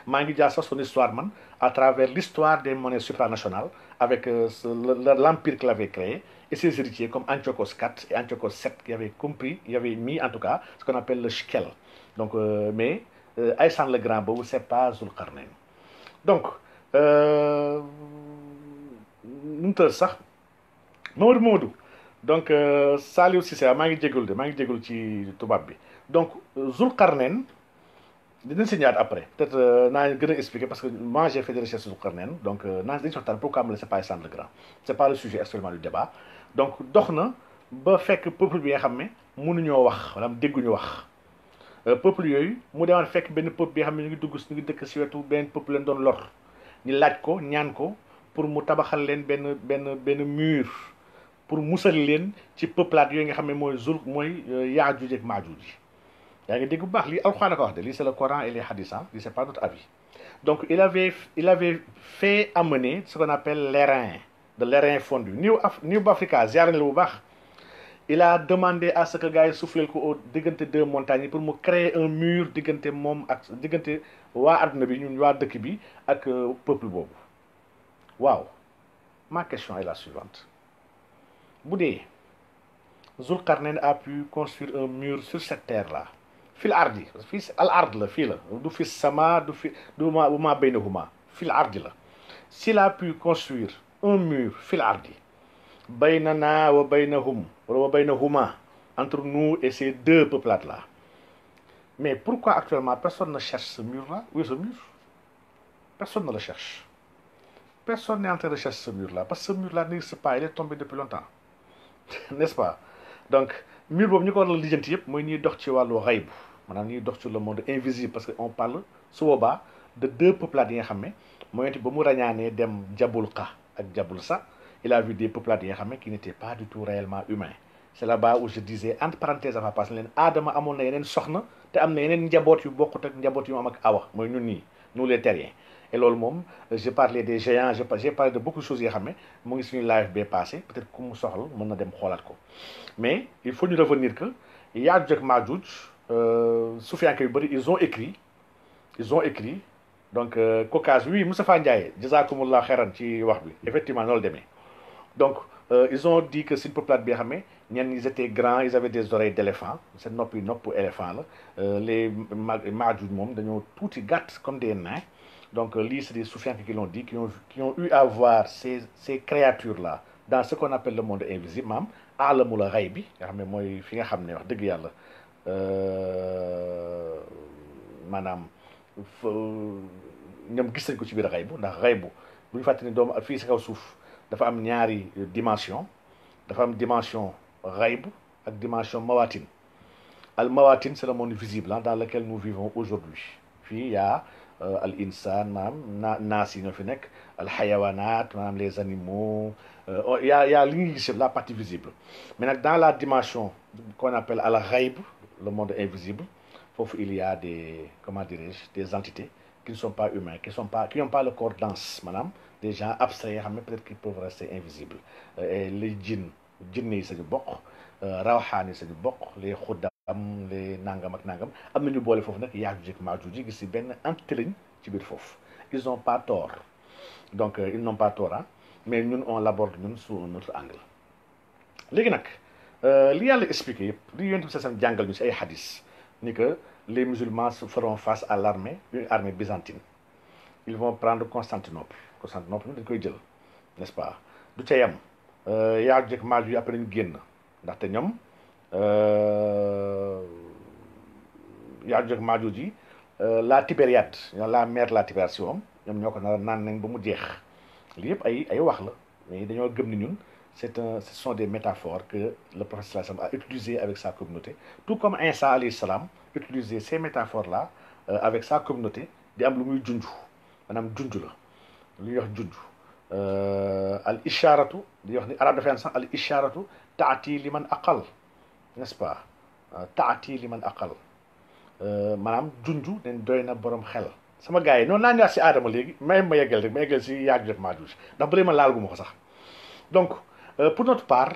Mangi vais son histoire man à travers l'histoire des monnaies supranationales avec euh, l'empire qu'il avait créé et ses héritiers comme Antiochos IV et Antiochos VII qui avaient compris, qui avaient mis en tout cas ce qu'on appelle le shkel. Donc, euh, mais euh, Aïssan le Grand, ce n'est pas Zulkarnain. Donc, euh, nous ça. Mamadou Mamadou. Donc, euh, Salih aussi, ah, c'est Mangi mangue de mangue de Donc, Zulkarnain dinañ si ñëwaat après peut-être euh, naa gën a expliquer parce que moi j'ai fait des recherches sur Kërneen donc euh, naa dañu waxtaan pourquoi le la séparer Sane le Grand c'est pas le sujet actuellement du débat donc dox na ba fekk peuple bi nga xam ne mënuñoo wax wala dégguñu wax euh, peuple yooyu mu demal fekk benn peuple bi nga xam ne ñu ngi dugg ñu ngi dëkk si wetu benn peuple leen doon lor ñu laaj ko ñaan ko pour mu tabaxal leen benn benn benn mur pour musal leen ci peuplade yooyu nga xam ne mooy zul mooy Yaajuuj ak Maajuuj yaa ngi dégg bu baax lii alxuraan ko wax de li c'est le Coran et les hadiths hein, lii c'est pas notre avis donc il avait il avait fait amener ce qu'on appelle l'érin, de l'érin fondu New Af New Africa ziar la bu baax il a demandé à ce que gars yi soufflé ko au diggante deux montagnes pour mu créer un mur diggante moom ak diggante waa adduna bi ñun waa dëkk bi ak euh, peuple boobu waaw ma question est la suivante bu dee Zulqarnain a pu construire un mur sur cette terre là fil ardi fil al ard la fil la du fi sama du fi du ma ma baynahuma fil ardi la s'il a pu construire un mur fil ardi baynana wa baynahum wa baynahuma entre nous et ces deux peuplades là mais pourquoi actuellement personne ne cherche ce mur là où est ce mur personne ne le cherche personne n'est en train de chercher ce mur là parce que ce mur là n'existe pas il est tombé depuis longtemps n'est-ce pas donc mur qu'on ñu ko waral lijjanti yëpp mooy ñuy dox ci wàllu maanaam ñuy dox sur le monde invisible parce que on parle souvent de deux peuples yi nga xam ne mooy ba dem jabul ak il a vu des peuples yi nga qui n'étaient pas du tout réellement humains c'est là-bas où je disais entre parenthèses à ma passe leen aadama amoon na yeneen soxna te am na yeneen njaboot yu bokkut ak njaboot yu am ak awa mooy ñun ni nous les terriens et loolu j'ai parlé des géants j'ai parlé de beaucoup de choses yoo xam ne ngi live bien passé peut-être ku mu soxla mën na dem xoolaat ko mais il faut nous revenir que Yaajuuj ak Maajuuj euh, ils ont écrit ils ont écrit donc euh, Caucase oui effectivement donc euh, ils ont dit que peuplade ils étaient grands ils avaient des oreilles d'éléphant c'est éléphant euh, les Ils comme des nains donc lii qui l'ont dit qui ont eu à voir ces créatures là dans ce qu'on appelle le monde invisible euh, Madame ñoom gis nañ ko ci bir xaybu ndax avons bu ñu fàttali doomu kaw dafa am dimension dafa am dimension et ak dimension mawatin al mawatin c'est le monde visible hein, dans lequel nous vivons aujourd'hui Puis euh, il al insan maanaam naas al les animaux euh, oh, a la partie visible mais dans la dimension qu'on appelle al raib, le monde invisible, Fof, il y a des comment dirais des entités qui ne sont pas humains qui sont pas qui n'ont pas le corps dense manam des gens abstraits mais peut-être qu'ils peuvent rester invisibles euh, et les djinns jinne yi bok, bokk euh, rawxaan c'est du bokk les khuddam, les nangam ak nangam am nañu boole foofu nag yaajuj ak maajuj ji gis si benn entité lañ ci biir ils n'ont pas tort donc euh, ils n'ont pas tort hein? mais nous on l'aborde nous sous un angle léegi euh, li yàlla expliqué yëpp li yonent bi sasam jàngal ñu si ay hadis ni que les musulmans se feront face à l'armée une armée byzantine ils vont prendre Constantinople Constantinople dañ koy jël n'est-ce pas du ca yam euh, yaa jëkk maaj yu après ñu génn ndaxte ñoom euh, yaa jëkk maaj ji la Tibériade ñoo la mère la Tibération ñoom ñoo ko naan nañ ba mu jeex li yëpp ay ay wax la mais dañoo gëm ni ñun un, ce sont des métaphores que le prophète a utilisées avec sa communauté. Tout comme Isa salam utilisait ces métaphores-là euh, avec sa communauté, di am lu muy junj maanaam la lu ñuy wax euh, al isharatu di wax ni arab al isharatu taati liman akal aqal n'est-ce pas euh, taati liman akal aqal euh, maanaam junj nen borom xel sama gars yi noonu laa ñëwaat si aadama léegi may ma yeggal rek ma yeggal si yàgg def maa juus ndax bëri ma laal gu ma ko sax donc euh, pour notre part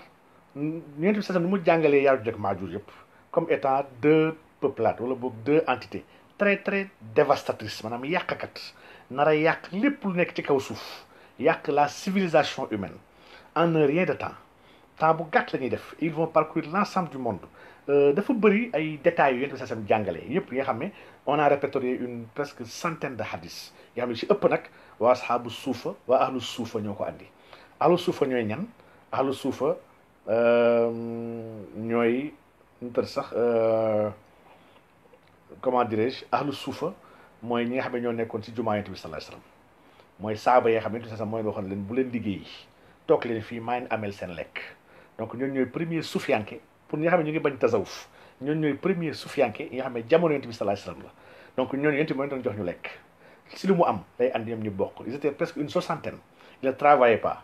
yonent bi sasam ni mu jàngalee yaaru jëkk Maajuur yëpp comme étant deux peuplades wala boog deux entités très très dévastatrice. maanaam yàqkat nar a yàq lépp lu nekk ci kaw suuf yàq la civilisation humaine en un rien de temps temps bu gàtt la ñuy def ils vont parcourir l'ensemble du monde euh, dafa bëri ay détails yu yonent bi sasam jàngalee yëpp yi nga xam ne on a répertorié une presque centaine de hadiths. yoo xam ne ci ëpp nag waa asxaabu suufa waa ahlu suufa ñoo ko andi ahlu suufa ñooy ñan ahlu suufa euh, ñooy nu tëdd sax euh, comment dirais-je ahlu suufa mooy ñi nga xam ne ñoo nekkoon ci jumaa yonent bi sallallahu alayhi wasallam mooy saaba yi xam ne yonent bi mooy waxoon leen bu leen liggéeyi toog leen fii maa ngi ameel seen lekk donc ñooñu ñooy premier sufiyanke pour ñi nga xam ne ñu ngi bañ tasawuf ñooñu ñooy premier sufiyanke yi nga xam ne jamono yonent bi sallallahu alayhi wasallam la donc ñooñu yonent bi mooy doon jox ñu lekk si lu mu am day andi ñoom ñu bokk ils étaient presque une soixantaine ils ne travaillaient pas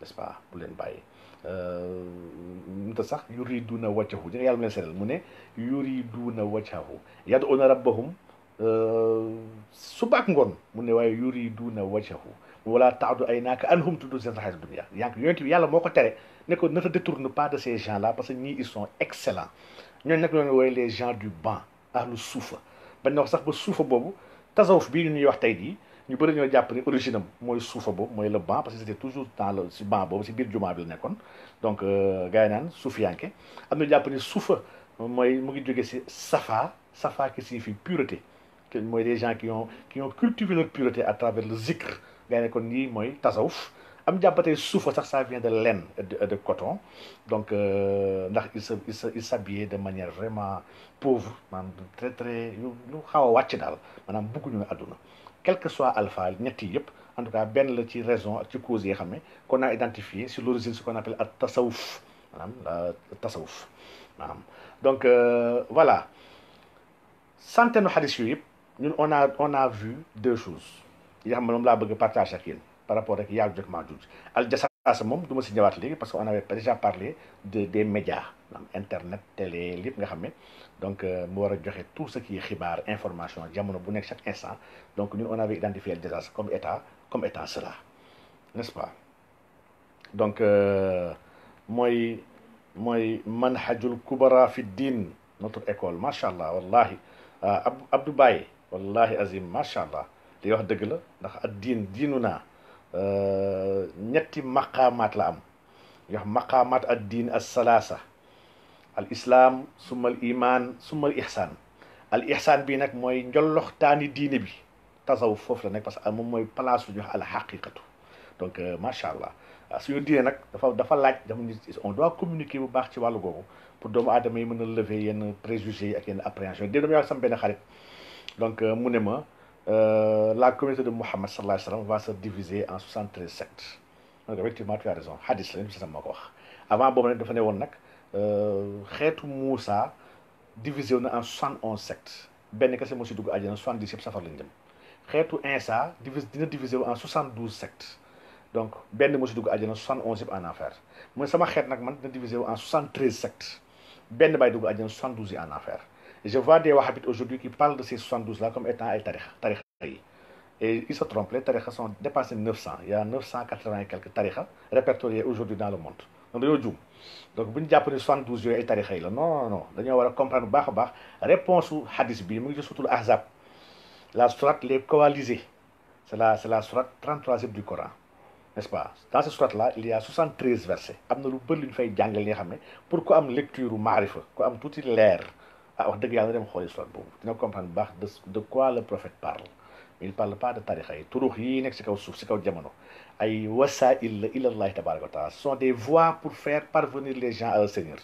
n'est-ce pas bu leen bàyyi mu euh, ta sax yuriduna wajhahu yàlla mu leen seetal mu ne yuriduna wajhahu yad'una rabbahum euh, suba ak ngoon mu ne waaye yuriduna wajhahu wala ta'du ay naaka anhum tuddu seen raxas dunia yaa ngi yonent bi tere ne ko ne te détourne pas de ces gens là parce que ni ils sont excellents ñooñu nak ñoo wooye les gens du bain ahlu suufa bañ na wax sax ba soufa bobu tasawuf bi ñu wax tey ñu bëri ñoo jàpp ni originam am mooy suufa boobu mooy le ban parce que c'était toujours dans le si ban boobu si biir jumaa bi la nekkoon donc euh, gars yi naan suufiyanke am na jàpp ni suufa mooy mu ngi jóge si safa safa qui signifie pureté mooy des gens qui ont qui ont cultivé leur pureté à travers le zikr gars yi ni nii mooy tasawuf am jàppatee suufa sax ça vient de laine de coton donc euh, ndax il se il se il s'habillait de manière vraiment pauvre maanaam très très ñu ñu xaw a wàcc daal maanaam bëgguñu àdduna quel que soit alpha ñett yi en tout cas ben la ci raison ak ci cause yi xam qu'on a identifié sur l'origine ce qu'on appelle at tasawuf Le tasawuf maanaam donc euh, voilà centaine de hadith yooyu ñun on a on a vu deux choses yi xam ne moom laa bëgg partage ak yéen par rapport rek Yaajuuj ak Maajuuj al à ce moment ma parce qu'on avait déjà parlé des médias internet télé libre, donc euh, mu tout ce qui est information chaque instant donc nous, on avait identifié le comme état comme étant cela n'est-ce pas donc euh, manhajul fi notre école wallahi ah, Abdou Baye wallahi azim Masha'Allah li wax la Euh, ñetti maqamaat la am yoo xam maqaamaat ad diin as salaasa al islaam summa al imaan summa al ihsaan al ihsaan bi nag mooy njolloxtaani diine bi tasawuf foofu la nekk parce que moom mooy place su ñu wax al xaqiqatu donc euh, macha allah suñu diine nag dafa dafa laaj dafa on doit communiquer bu baax ci wàllu googu pour doomu aadama yi mën a lever yenn préjugés yi ak yenn appréhension yi dégg nga benn xarit donc euh, mu ne ma. Euh, la communauté de Mohammed sallallahu alayhi wa sallam va se diviser en 73 sectes donc effectivement tu as raison hadis la yonent bi moo ko dire. avant boobu nag dafa ne woon nag euh, Moussa divisé en 71 sectes Ben, kese moo si dugg àjjana 70 sectes. safar lañ dem xeetu Insa divise dina divisé en 72 sectes donc Ben, moo si dugg àjjana 71 yëpp en enfer Moi, sama xeet nag man dina divisé en 73 sectes Ben, baay dugg àjjana 72 sectes en enfer je vois des wahhabites aujourd'hui qui parlent de ces 72-là comme étant des tariqa. Et ils se trompent, les tariqas sont dépassés 900. Il y a 980 et quelques tariqas répertoriés aujourd'hui dans le monde. Donc, si vous donc les 72 yooyu ay yi là non non dañoo war comprendre bu bien, bien, réponse à bi mu surtout le ahzab la sourate les coalisés C'est la surat la sourate 33 du Coran nest ce pas dans cette surat là il y a 73 versets Il y lu bëri lu fay jàngal li nga pour am lecture maarifa ku am ah wax dëgg yàlla dem xool histoire boobu dina comprendre bu baax de de quoi le prophète parle mais il parle pas de tarixa yi turux yi nekk si kaw suuf si kaw jamono ay wasail la ilallahi tabaraka wa taala ce sont des voies pour faire parvenir les gens à leur seigneur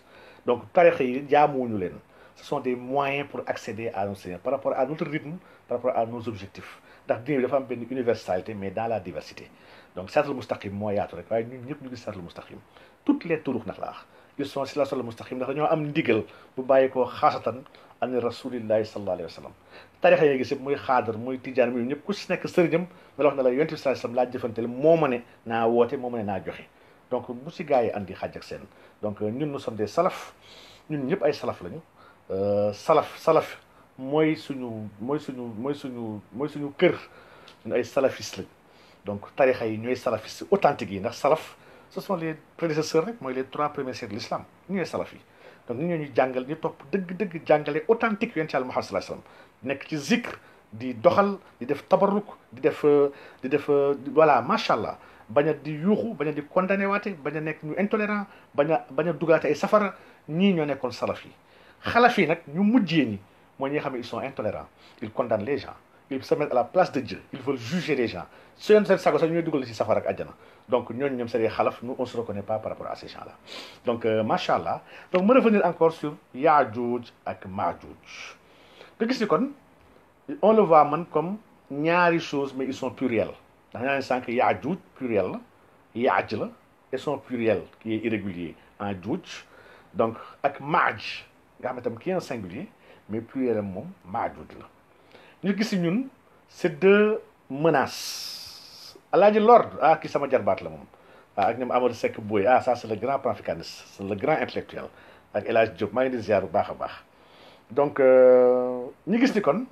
donc tarixa yi jaamuwuñu leen ce sont des moyens pour accéder à notre seigneur par rapport à notre rythme par rapport à nos objectifs ndax diine bi dafa am benn universalité mais dans la diversité donc siraatal mustaqim moo yaatu rek waaye ñun ñëpp ñu ngi siraatal mustaqim toutes les turux nag la wax يسوع سلاس الله مستقيم دخل نيو أم ديجل ببايكو خاصة أن رسول الله صلى الله عليه وسلم تاريخ يجي سب موي خادر موي تجار موي نيب كوسنا كسر جم ولا خنلا يوين تسلا سلام لا جفن تل نا واتي مومن نا جوه دونك موسي غاي أندي خاجك سن دونك نيو نو سمدي سلف نيو نيب أي سلف لنيو سلف سلف موي سنو موي سنو موي سنو موي سنو كير أي سلفيس لنيو دونك تاريخ يجي نيو سلفيس أوتانتيجي نا سلف. ce sont les prédécesseurs rek mooy les trois premiers siècles de l'islam ñu ñooy salafi donc ñu ñooñu jàngal ñu topp dëgg-dëgg jàngale authentique yonent Yàlla Muhammad sallallahu alayhi wasallam nekk ci zikr di doxal di def tabarruk di def euh, di def euh, voilà macha allah bañ a di yuuxu bañ a di condamné waate bañ a nekk ñu intolérant bañ a bañ a dugaate ay safara ñii ñoo nekkoon salaf yi xalaf yi nag ñu mujjee ni mooy ñi nga xam ne ils sont intolérants ils les gens ils se mettent à la place de Dieu ils veulent juger les gens ci ak donc nous sommes nous on se reconnaît pas par rapport à ces gens là donc euh, MashaAllah Donc donc vais revenir encore sur Ya'juj et Qu'est-ce que on le voit comme ñaari choses mais ils sont pluriels Dans ñaa sens pluriel yajl, ils sont pluriels, qui est irrégulier en donc ak Maaj qui est un singulier mais pluriellement am ñu gis si ñun c'est deux menaces Alaaji Lord ah sama jarbaat la moom ah ñoom Amadou Seck Boye ah ça c'est le grand panafricaniste c'est le grand ak El Hadj Diop maa ngi bu baax a baax donc euh, ñu gis ni kon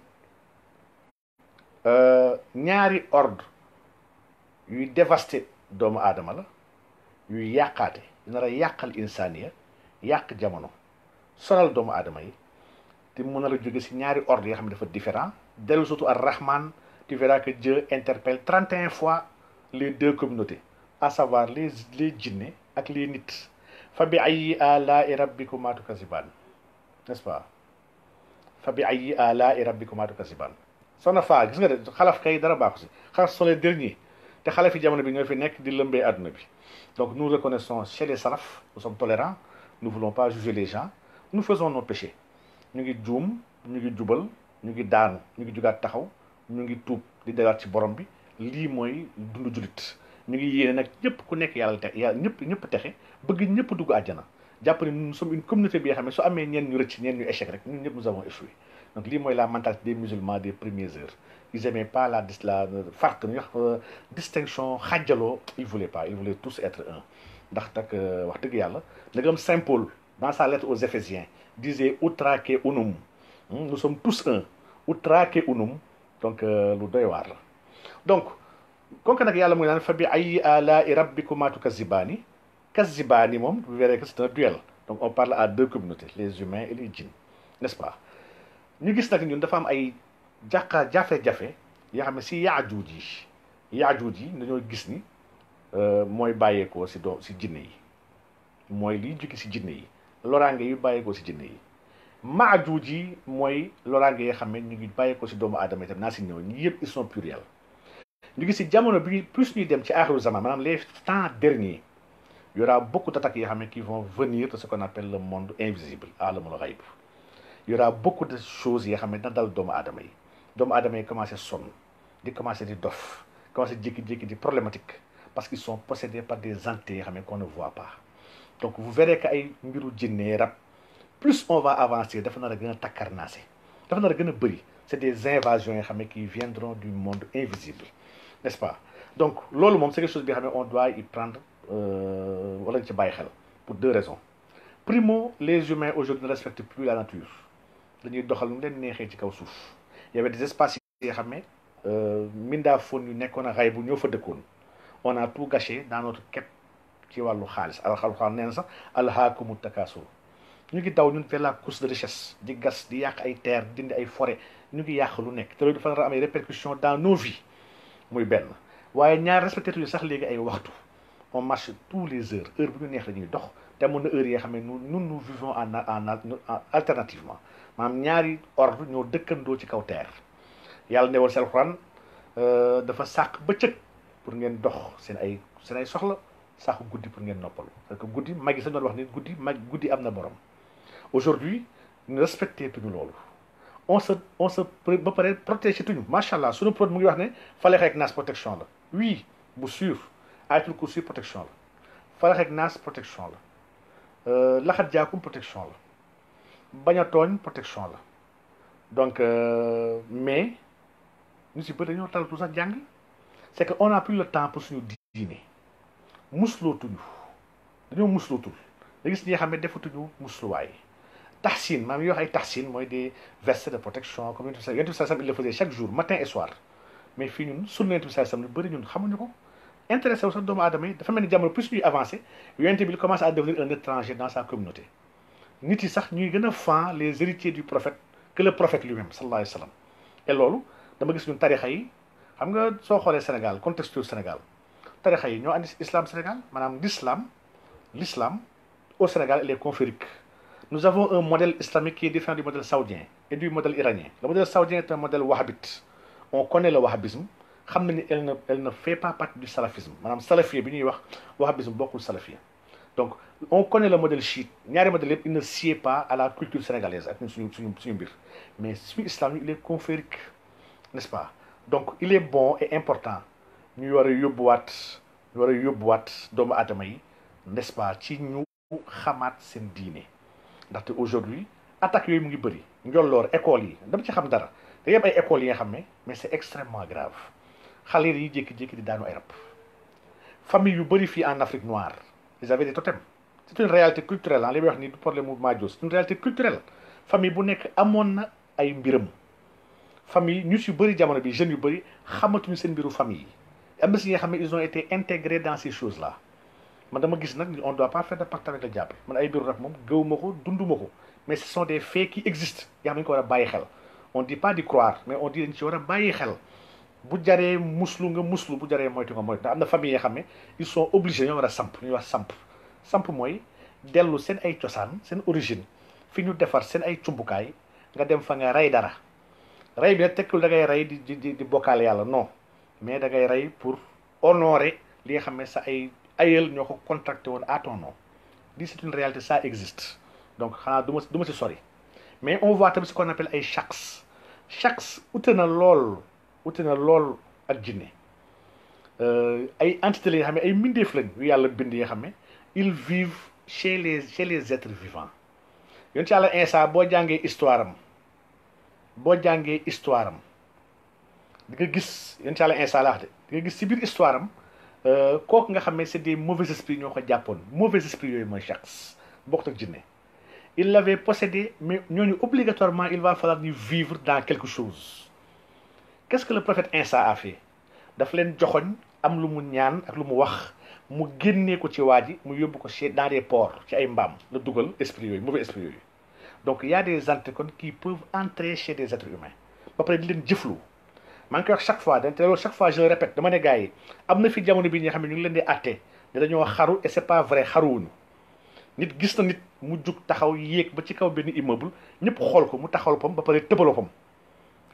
euh, ñaari ordre yuy dévaster doomu aadama la yuy yàqaate yu nar a yàqal insaaniya yàq jamono sonal doomu aadama yi te mën na la jóge si ñaari ordre yoo xam ne dafa différent dès le surtout à Rahman, tu verras que Dieu interpelle 31 fois les deux communautés, à savoir les, les djinns et les nits. Fabi ayi ala et rabbikuma kaziban. N'est-ce pas? Fabi ayi ala et rabbikuma tukaziban. Son gis nga de xalaf dara baaxu si sont les derniers te xalaf yi jamono bi ñoo fi nekk di bi donc nous reconnaissons chez les salaf nous sommes tolérants nous ne voulons pas juger les gens nous faisons nos péchés Nous sommes juum ñu ngi ñu ngi ñu ngi jugaat taxaw ñu ngi di ci borom bi ñu ngi ñëpp ku nekk nous sommes une communauté bi su nous avons échoué donc la mentalité des musulmans des premières heures ils aimaient pas la euh, distinction ils voulaient pas ils voulaient tous être un ndax euh, wax Saint Paul dans sa lettre aux Éphésiens disait unum Hmm? nous sommes tous un outraake unum donc euh, lu doy waar la donc kon nag yàlla mu ngi naan fa bi ay alaa'i rabbikumaa tukazzibaani kazzibaani moom vous verrez que c'est un duel donc on parle à deux communautés les humains et les djinns n'est-ce pas ñu gis nag ñun dafa am ay jàqa jafe-jafe yoo xam ne si yaajuuj yi yaajuuj yi dañoo gis ni euh, mooy bàyyeekoo si doo si jinne yi mooy liy jóge si jinne yi loraange yi bàyyeekoo si jinn yi maajuuj yi mooy loraange yi xam ñu ngi bàyyi ko si doomu aadama itam naa si ñëw ñi yëpp ils sont pluriels ñu ngi si bi plus ñuy dem ci aaxiru zaman maanaam les temps derniers y aura beaucoup d'attaques yoo xam qui vont venir de ce qu'on appelle le monde invisible aalamul Il y aura beaucoup de choses yoo xam ne dina dal doomu aadama yi doomu aadama yi commencé sonn di commencé di dof commencé jékki-jékki di problématique parce qu'ils sont possédés par des entités yoo qu'on ne voit pas donc vous verrez que ay mbiru jinne rab plus on va avancer dafa nar a gën a takkarnaase dafa nar a gën bëri c'est des invasions yoo xam qui viendront du monde invisible n'est-ce pas donc loolu moom c'est quelque chose bi nga on doit y prendre euh, wala nga ci bàyyi xel pour deux raisons primo les humains aujourd'hui ne respectent plus la nature dañuy doxal nu leen neexee ci kaw suuf y avait des espaces yi nga xam ne euh, mindaa fon yu nekkoon a on a tout gâché dans notre quête ci wàllu xaalis alxal xaal nee na sax alhaakumu takaasur ñu ngi daw ñun vers la course de richesse di gas di yàq ay terre dindi ay forêt ñu ngi yàq lu nekk te loolu dafa nar a am ay répercussions dans nos vies muy benn waaye ñaar respecté tuñu sax léegi ay waxtu on marché tous les heures heure bu ñu neex la ñuy dox te mun na heure yi nga xam ne nous nous nous vivons en en alternativement maanaam ñaari ordre ñoo dëkkandoo ci kaw terre yàlla ne woon seen Alxuraan euh, dafa sàq bëccëg pour ngeen dox seen ay seen ay soxla sàq guddi pour ngeen noppalu parce que guddi mag yi sax doon wax ni mag guddi am na borom. aujourd'hui nous respectons tout on se on se protège. tout protégé tuñu nous protection la oui bien sûr une protection Il nous ak une protection la une protection Il faut euh, a protection donc euh, mais nous ne pouvons pas talatu sax que on a plus le temps pour suñu Nous Nous Nous nous ne defatuñu tahsin maam yoo wax ay tahsin mooy des vestes de protection comme yonent bi sallallahu alayhi wa il le faisait chaque jour matin et soir mais fii ñun sunna yonent bi sallallahu alayhi lu bëri ñun xamuñu ko intéressé wu sax doomu aadama yi dafa mel ni jamono plus ñuy avancé yonent bi commence à devenir un étranger dans sa communauté nit yi sax ñuy gën a fan les héritiers du prophète que le prophète lui-même sallallahu alayhi wa sallam et loolu dama gis ñun tarixa yi xam nga soo xoolee Sénégal contexte Sénégal tarixa yi ñoo andi islam Sénégal maanaam l'islam l'islam au Sénégal il est conférique nous avons un modèle islamique qui est différent du modèle saoudien et du modèle iranien. Le modèle saoudien est un modèle wahhabite. On connaît le wahhabisme. Elle ne, fait pas partie du salafisme. Madame Salafie, wahhabisme, beaucoup de Donc, on connaît le modèle chiite. Il ne sied pas à la culture sénégalaise. Mais celui islamique, il est conférique. N'est-ce pas Donc, il est bon et important. Nous avons eu boîte, n'est-ce pas Nous avons eu boîte, n'est-ce pas ndaxte aujourd'hui attaque yooyu mu ngi bëri njolloor école yi dama ci xam dara day am ay écoles yi nga xam ne mais c'est extrêmement grave xale yi jékki-jékki di daanu ay rab famille yu bëri fii en Afrique noire ils avaient des totems c'est une réalité culturelle ah li may wax nii du problème mu Maadio c'est une réalité culturelle famille bu nekk amoon na ay mbiram famille ñu si bëri jamono bi jeunes yu bëri xamatuñu seen mbiru famille yi am na si nga xam ne ils ont été intégrés dans ces choses là man dama gis nag on doit pas faire de pacte avec le diable man ay biiru rab moom gëwuma ko dunduma ko mais ce sont des faits qui existent yoo xam ne ko war a bàyyi xel on dit pas di croire mais on dit dañ ci war a bàyyi xel bu jaree muslu nga muslu bu jaree moytu nga moytu ndax am na famille yoo xam ne ils sont obligés ñoo war a samp ñuy wax samp samp mooy dellu seen ay cosaan seen origine fi ñu defar seen ay cumbukaay nga dem fa nga rey dara rey bi nag tekkul ngay rey di di di yàlla non mais da ngay rey pour honorer li nga xam ne sa ay ayel ñoo ko contracté woon à ton nom lii c'est une réalité ça existe donc xanaa du ma du ma si sori mais on voit tamit ce qu'on appelle ay chaks chaks ute na lool ute na lool ak jinne euh, ay entités la yoo xam ne ay mbindeef lañ yu yàlla bind yoo xam ne ils vivent chez les chez les êtres vivants yoon ci yàlla Iisaa boo jàngee histoire am boo jàngee histoire am di nga gis yoon ci yàlla Iisaa laax de di nga gis si biir histoire am euh, kooku nga xam ne c'est des mauvais esprits ñoo ko jàppoon mauvais esprits yooyu mooy chaxs bokkut ak jinne il l'avait possédé mais ñooñu obligatoirement il va falloir ñu vivre dans quelque chose qu'est-ce que le prophète Insa a fait daf leen joxoñ am lu mu ñaan ak lu mu wax mu génnee ko ci waa ji mu yóbbu ko chez dans des ports ci ay mbaam la dugal esprit yooyu mauvais esprit yooyu donc il y a des anticorps qui peuvent entrer chez des êtres humains ba pare di leen jëflu maa ngi koy chaque fois te loolu chaque fois je le répète dama ne yi am na fi jamono bi ñi xam ne ñu ngi leen di àtte ne dañoo xaru et c'est pas vrai xaruwuñu nit gis na nit mu jug taxaw yéeg ba ci kaw benn immeuble ñëpp xool ko mu taxawal pam ba pare tëbalopam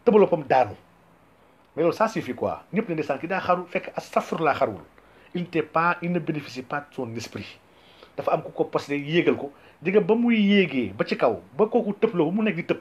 tëbalopam daanu mais loolu ça suffit quoi ñëpp ne ndeysaan ki daa xaru fekk astafurlaa xaruwul il n'était pas il ne bénéficie pas de son esprit dafa am ku ko posté yéegal ko di nga ba muy yéegee ba ci kaw ba kooku tëb la ba mu nekk di tëb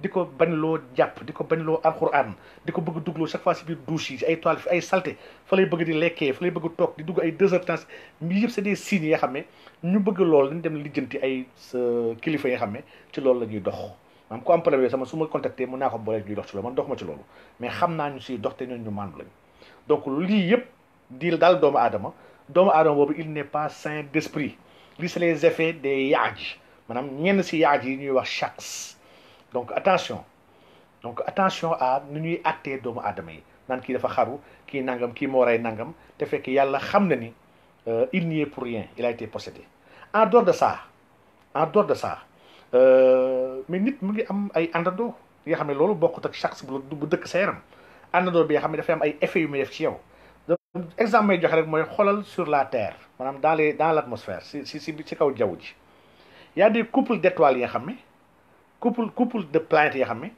di ko bañ loo jàpp di ko bañ loo alxuraan di ko bëgg dugloo chaque fois si biir douche yi si ay toilettes ay salté fa lay bëgg di lekkee fa lay bëgg toog di dugg ay deux heures temps mi yëpp c'est des signes yoo xam ñu bëgg loolu dañ dem lijjanti ay kilifa yoo xam ne ci loolu la ñuy dox maanaam ku am sama su ma contacté mën naa ko dox ci loolu man doxuma ci xam naa ñu si dox te ñooñu ñu maandu lañ donc lii yëpp di daal doomu aadama doomu aadama boobu il n'est pas sain d'esprit li c'est les effets des yaaj maanaam ñenn si yaaj yi ñuy wax chaque donc attention donc attention à nu ñuy attee d'homme. aadama yi naan kii dafa xaru ki nangam ki mo ray nangam te fek yalla xam na ni euh, il n'y est pour rien il a été possédé en dehors de ça en dehors de ça euh, mais nit mu ngi am ay andado yi xam lolu loolu bokkut ak chaque bu dëkk séram andado bi nga dafa am ay effets yu muy def ci yow. exemple may joxe rek moy xolal sur la terre manam dans les dans l'atmosphère si si ci kaw jaww ji y a des couples d'étoiles, yi nga couple couple de planètes yoo xam ne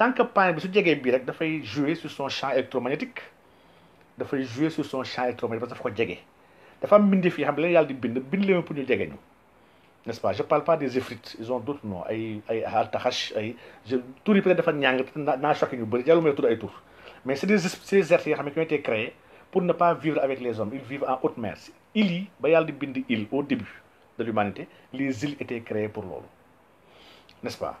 tant que planète bi su jegee bii rek dafay jouer sur son champ électromagnétique dafay jouer sur son champ électromagnétique parce que dafa ko jege dafa am mbindi fi xam ne leen yàlla di bind bind leen pour ñu jege ñu n'est-ce pas je parle pas des ifrites ils ont d'autres noms ay ay altaxash ay je tur yi peut-être dafa ñàng naa choqué ñu bëri jàllu may tudd ay tur mais c'est des c'est des êtres yoo xam ne qui ont été créés pour ne pas vivre avec les hommes ils vivent en haute mer îles yi ba yàlla di bind île au début de l'humanité les îles étaient créées pour loolu n'est-ce pas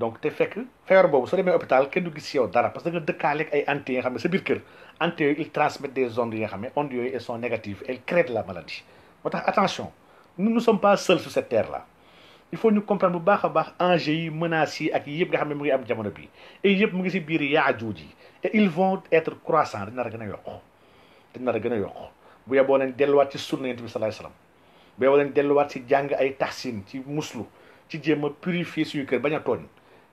donc te fekk feebar boobu soo demee hôpital kenn du gis si yow dara parce que dëkkaaleeg ay anti yi nga xam ne sa biir kër anti yooyu ils transmettent des ondes yi nga xam ne ondes yooyu elles sont négatives elles créent de la maladie moo tax attention nous ne sommes pas seuls sur cette terre là il faut ñu comprendre bu baax a baax enjeux yi menaces yi ak yii yëpp nga xam ne mu ngi am jamono bi et yëpp mu ngi si biir yaajuuj yi et ils vont être croissants dañ nar a gën a yokku dañ nar a gën a yokku bu yeboo nañ delluwaat ci sunna yonent bi salaay salaam bu yeboo nañ delluwaat ci jàng ay taxsin ci muslu ci jéem a purifier suñu kër bañ a tooñ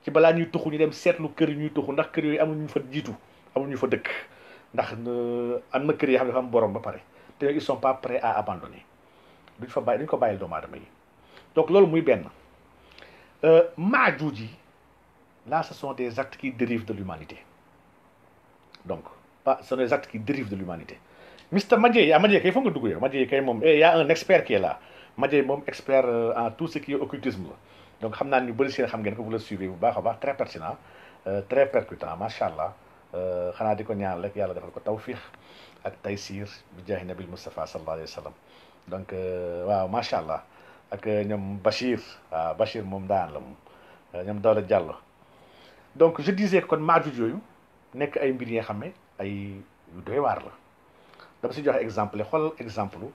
ci balaa ñuy tuxu ñu dem seetlu kër yi ñuy tuxu ndax kër yooyu amuñu fa jiitu amuñu fa dëkk ndax euh, am na kër yi xam ne dafa am borom ba pare te ils sont pas prêts à abandonner duñ fa bàyyi duñ ko bàyyil doomu aadama yi donc loolu muy benn euh, maajuuj yi là ce sont des actes qui dérivent de l'humanité donc pas ce sont des actes qui dérivent de l'humanité Mister Madjé ah Madjé kay fa nga dugg yow Madjé kay moom eh, y a un expert qui est là Madjé moom expert euh, en tout ce qui est occultisme la donc xam naa ni bëri seen xam ngeen ko vous le suivez bu baax a baax très pertinent très percutant macha allah xanaa di ko ñaan rek yàlla defal ko tawfiix ak taysiir bi jaahi nabil Moustapha sallallahu alayhi wa sallam donc waaw macha allah ak ñoom Bachir waaw Bachir moom daan la moom ñoom Daouda Diallo donc je disais kon maajuj yooyu nekk ay mbir yi nga xam ne ay yu doy waar la dama si joxe exemple xool exemple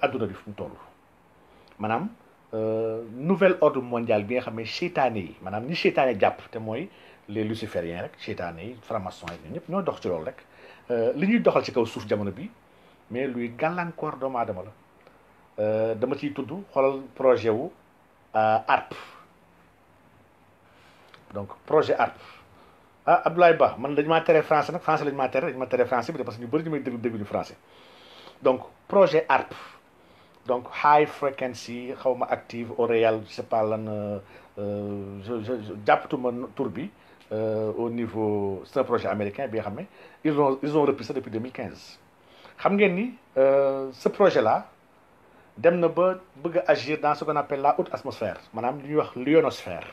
adduna bi fu mu toll maanaam. Euh, nouvel ordre mondial bien nga les lucifériens rek maçons yi ñep ñoo dox ci lool rek euh, li doxal ci kaw bi mais luy galancor euh, dama projet ARP donc projet ARP ah Abdoulaye Ba man français français français parce que ñu français donc projet ARP donc high frequency xaw ma active Oréal je sais pas lan euh, euh, je je jàppatuma tur bi euh, au niveau c'est un projet américain bi nga xam ne ils ont ils ont repris ça depuis 2015 xam ngeen ni ce projet là dem na ba bëgg agir dans ce qu'on appelle la haute atmosphère maanaam li ñuy wax l'ionosphère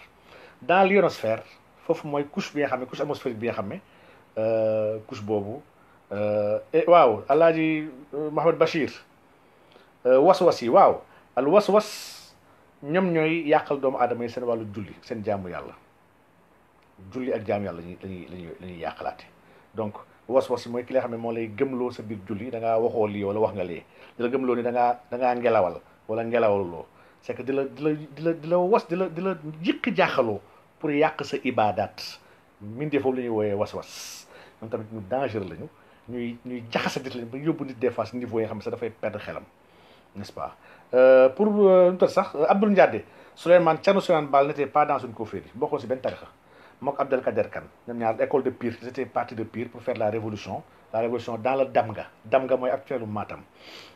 dans l'ionosphère foofu mooy couche bi nga xam ne couche atmosphérique bi nga xam ne couche boobu et Bachir Eh, was yi waaw al waswas ñoom ñooy yàqal doomu aadama yi seen walu julli seen jaamu yalla julli ak jaamu yalla lañuy lañuy lañuy yakalaté donc waswas moy ki nga xam mo lay gëmlo sa bir julli da nga waxo li wala wax nga li da la gëmlo ni da nga da nga ngelawal wala lo c'est que dila dila dila was dila dila jik jaxalo pour yak sa ibadat mindee foofu lañuy woyé was-was ñoom tamit ñu danger lañu ñuy ñuy jaxase dit lañu ba yobbu nit des fois niveau yi nga xam sa da fay perdre xelam n'est-ce pas euh, pour nous tax ça, Ndiade Ndiade, Souleymane Thierno Souleymane Bal n'était pas dans une confrérie bokkul si benn tarixa mook Abdel Kader y a ñaar école de Pire étaient parti de Pire pour faire la révolution la révolution dans le Damga Damga moi actuellement Matam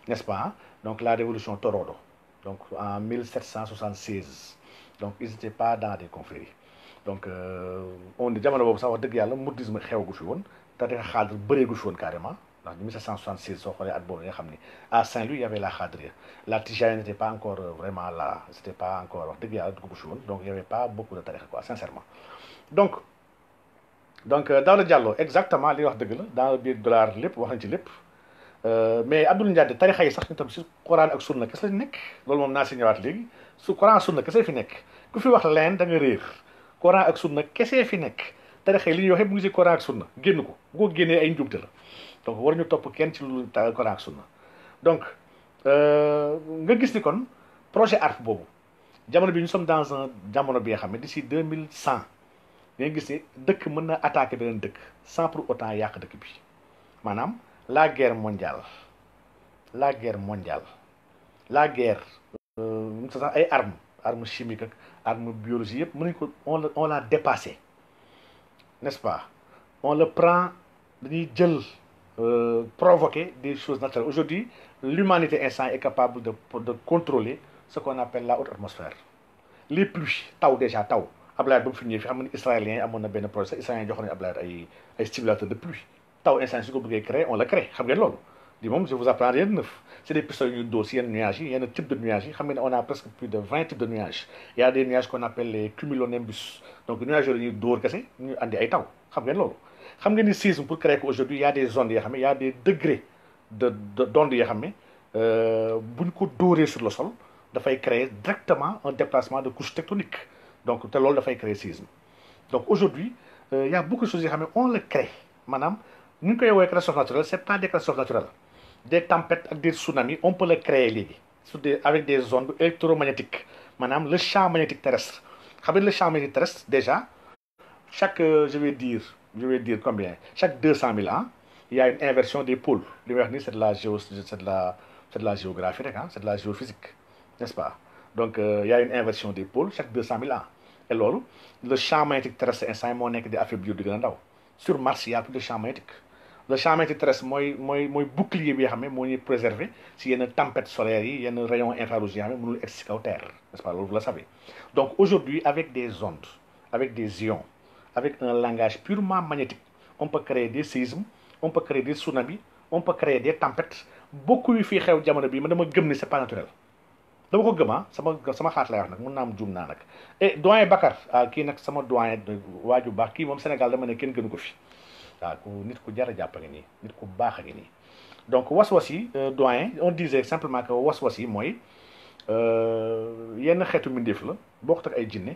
n'est-ce pas donc la révolution Torodo donc en 1776 donc ils n'étaient pas dans des confréries donc euh, on dit jamono boobu sax wax dëgg yàlla mouridisme xew gu fi woon tarixa xaadir bëree fi carrément ndax 1776 soo xoolee at boobu nga xam ni à Saint-Louis il y avait la Khadria la Tijane n'était pas encore vraiment là c'était pas encore donc il y avait pas beaucoup de tarikh, quoi sincèrement donc donc dans le Diallo exactement les wax dëgg dans le biir dollar lépp wax nañ ci lépp mais Abdoul Ndiaye tarixa yi sax ñu tam le Coran et le sunna kese lañ nekk loolu moom naa c'est ñëwaat Coran et le sunna kese fi nekk c'est fi wax leen da nga réer Coran le sunna kese fi nekk tarixa yi li ñuy c'est yëpp mu ngi si Coran ak sunna génn ko bu ko génnee ay njubte la donc waruñu topp kenn ci lu alquran ak sunna donc euh, nga gis ni kon projet arf boobu jamono bi ñu sommes dans un jamono bi 2000, D'ici 2100, d' ici deux mille gis ne dëkk mën attaquer beneen dëkk sans pour autant yàq dëkk bi la guerre mondiale la guerre mondiale la guerre euh, sa sax ay armes armes chimiques ak armes biologiques ko on la on l'a dépassé n'est-ce pas on le prend dañuy jël Euh, provoquer des choses naturelles. Aujourd'hui, l'humanité instant est capable de, de contrôler ce qu'on appelle la haute atmosphère. Les pluies, taw déjà, taw. Ablaye, bon finir, amoun israélien, amoun ben projet, israélien, j'en ai ablaye, ay stimulateur de pluie. Taw instant, si vous voulez créer, on la crée. Xamgen lolu. Dis moi, je vous apprends rien de neuf. C'est des pistes dossiers, il y a il y a un type de nuage. nuages. On a presque plus de 20 types de nuages. Il y a des nuages qu'on appelle les cumulonimbus. Donc, les nuages, ils sont d'or, c'est, ils ont des taw. Xamgen lolu xam nga ni séisme pour créer ko aujourd'hui il y a des zones yoo xam y a des degrés de d'onde yoo xam ne euh, bu ko dóoree sur le sol dafay créer directement un déplacement de couche tectonique donc te loolu dafay créer séisme donc aujourd'hui il euh, y a beaucoup de choses yoo xam ne on le crée maanaam ñu ngi koy woowee catastrophe naturelle c'est pas des catastrophes naturelles des tempêtes ak des tsunamis on peut les créer léegi sur avec des zones électromagnétiques maanaam le champ magnétique terrestre xam nga le champ magnétique terrestre déjà chaque euh, je vais dire je vais dire combien, chaque 200 000 ans, il y a une inversion des pôles. c'est de, la de, de la géographie, hein? c'est de la géophysique, n'est-ce pas Donc, euh, il y a une inversion des pôles chaque 200 000 ans. Et là, le champ magnétique terrestre est un monde qui est affaibli de grand Sur Mars, il n'y a plus de champ magnétique. le champ magnétique terrestre c'est un bouclier qui est préservé s'il y y une une tempête solaire il y rayon infrarouge rayon nga il ne n'est-ce pas vous le savez donc aujourd'hui avec des ondes avec des ions avec un langage purement magnétique. On peut créer des séismes, on peut créer des tsunamis, on peut créer des tempêtes. Beaucoup de choses qui ont sont mais je ne sais pas naturel. dama ko gëm ah sama sama xaat lay wax nag mun naa am et eh, doyen Bakar qui ah, est nag sama doyen waaju baax kii moom Sénégal dama ne kenn gënu ko nit ku jar a nga nii nit ku baax nga nii donc was-was yi euh, doyen on disait simplement que was-was moy, mooy euh, yenn xeetu mbindeef la bokkut ak ay jinne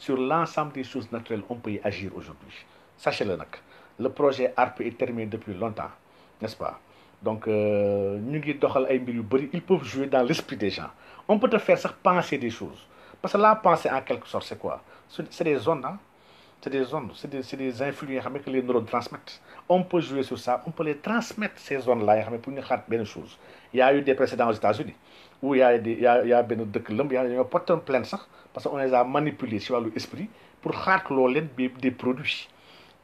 sur l'ensemble des choses naturelles, on peut y agir aujourd'hui. Sachez-le, le projet ARP est terminé depuis longtemps, n'est-ce pas Donc, euh, ils peuvent jouer dans l'esprit des gens. On peut te faire ça, penser des choses. Parce que la pensée, en quelque sorte, c'est quoi C'est des zones, hein? c'est des zones, c'est des, des influences que les neurones transmettent. On peut jouer sur ça, on peut les transmettre, ces zones-là, pour nous faire bien chose. Il y a eu des précédents aux États-Unis, où il y a, des, il y a, il y a, il y a, il y parce qu'on les a manipulés sur l'esprit esprit pour faire des produits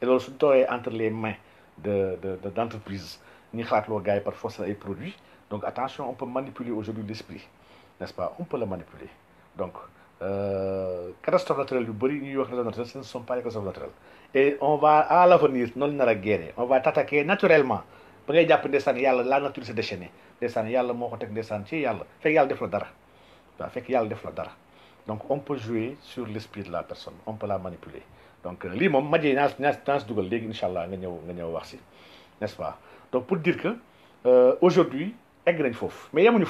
et donc, suñ entre les mains de de d' Ni gars par force produits donc attention on peut manipuler aujourd'hui l'esprit n'est-ce pas on peut le manipuler donc euh, catastrophe naturelle yu bëri New wax naturelle ce ne sont pas les catastrophes naturelles et on va à l'avenir non, on va t'attaquer naturellement ba tu des des là, la nature s'est déchaînée dis-le, yàlla moo a le ndeysaan ci yàlla le yàlla le la dara waaw fekk yàlla le dara donc on peut jouer sur l'esprit de la personne on peut la manipuler donc euh, li mom ma jee naa naa si dugal léegi incha nga ñëw nga wax ci n'est-ce pas donc pour dire que euh, aujourd'hui egg nañ fofu mais yemuñu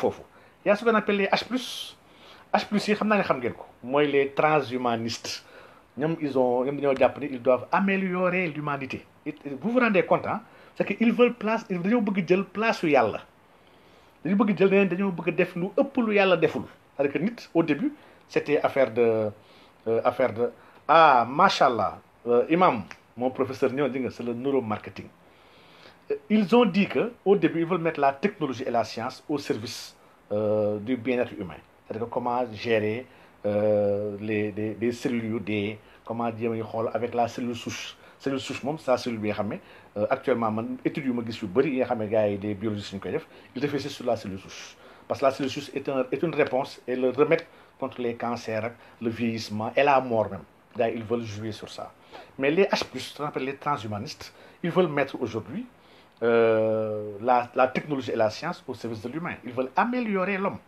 Il y a ce qu'on appelle les H plus H plus yi xam naa ne xam ngeen ko mooy les transhumanistes ils ont ñoom dañoo japp ni ils doivent améliorer l'humanité vous vous rendez compte hein c'est que ils veulent place dañu bëgg jël place yu yàlla dañu bëgg jël place bëgg def lu ëpp lu yàlla deful c'est-à-dire que nit au début c'était affaire de euh, ah machallah euh, imam mon professeur c'est le neuromarketing euh, ils ont dit que au début ils veulent mettre la technologie et la science au service du bien-être humain c'est-à-dire comment gérer les, cellules des comment dire avec la cellule souche cellule souche ça c'est la cellule bi actuellement man études ma gis yu des biologistes ils réfléchissent sur la cellule souche parce que la cellule souche est, est une réponse et le remettre contre les cancers, le vieillissement et la mort même. ils veulent jouer sur ça. Mais les H, les transhumanistes, ils veulent mettre aujourd'hui euh, la, technologie et la science au service de l'humain. Ils veulent améliorer l'homme.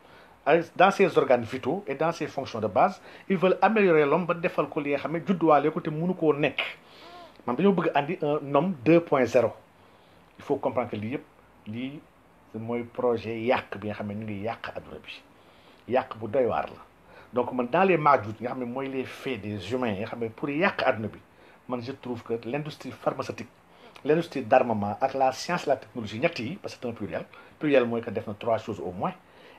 Euh, dans ses organes vitaux et dans ses fonctions de base, ils veulent améliorer l'homme. un homme 2.0. Il faut comprendre que c'est projet yak bi donc dans les majouts, nga les faits des humains pour y àdduna bi je trouve que l'industrie pharmaceutique l'industrie d'armement, avec la science et la technologie parce que c'est un pluriel pluriel mooy que def na trois choses au moins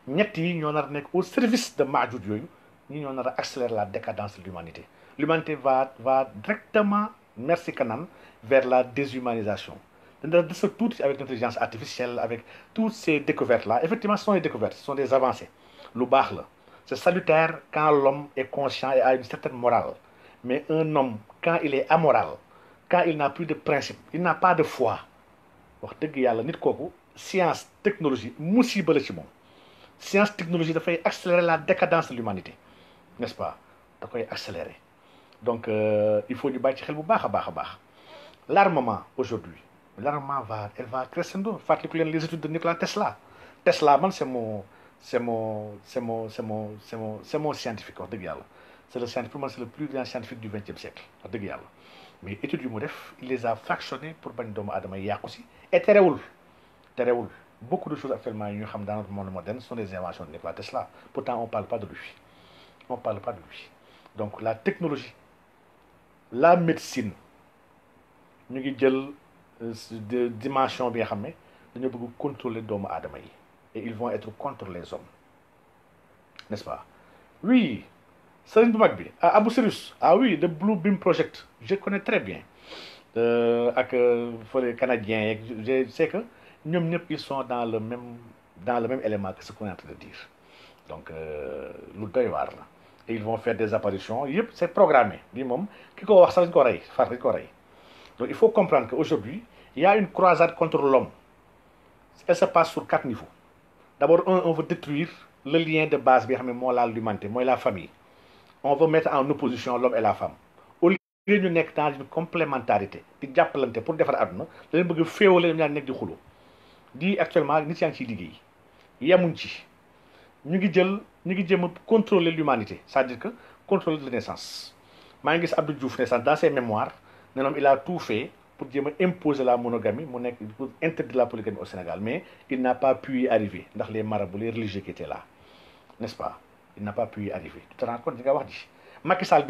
ñett nous au service de majouts, nous ñi accélérer la décadence de l'humanité l'humanité va va directement merci kanam vers la déshumanisation de ce tout avec l'intelligence artificielle avec toutes ces découvertes là effectivement ce sont des découvertes ce sont des avancées lu c'est salutaire quand l'homme est conscient et a une certaine morale. Mais un homme, quand il est amoral, quand il n'a plus de principe, il n'a pas de foi. wax nit science technologie musiba science technologie fait accélérer la décadence de l'humanité n'est-ce pas da koy accélérer donc euh, il faut lui battre ci xel bu l'armement aujourd'hui l'armement va elle va crescendo Faites les études de Nikola Tesla Tesla c'est mon c'est mon, scientifique c'est le scientifique le plus grand scientifique du XXe siècle en mais l'étude du Mouref il les a fractionnés pour bañ doomu Adama yi et terewul terewul beaucoup de choses actuellement dans notre monde moderne sont des inventions de Nikola Tesla pourtant on parle pas de lui on parle pas de lui donc la technologie la médecine Nous avons Des dimension bi nga nous contrôler doomu aadama Adamaï et ils vont être contre les hommes. N'est-ce pas Oui, Salim Boumakbi, à ah oui, le Blue Beam Project, je connais très bien. Euh, avec euh, les Canadiens, je sais que ils sont dans le même, dans le même élément que ce qu'on est en train de dire. Donc, euh, et ils vont faire des apparitions, c'est programmé. Donc, il faut comprendre qu'aujourd'hui, il y a une croisade contre l'homme. Elle se passe sur quatre niveaux d'abord on veut détruire le lien de base bien nga la famille on veut mettre en opposition l'homme et la femme au lieu dans une complémentarité pour dañu bëgg actuellement contrôler l'humanité c'est-à-dire que contrôler la naissance Diouf dans ses mémoires il a tout fait pour dire, imposer la monogamie pour interdire la polygamie au Sénégal mais il n'a pas pu y arriver ndax les marabouts les religieux qui étaient là n'est-ce pas il n'a pas pu y arriver tu te rends compte li ce wax ji Macky Sall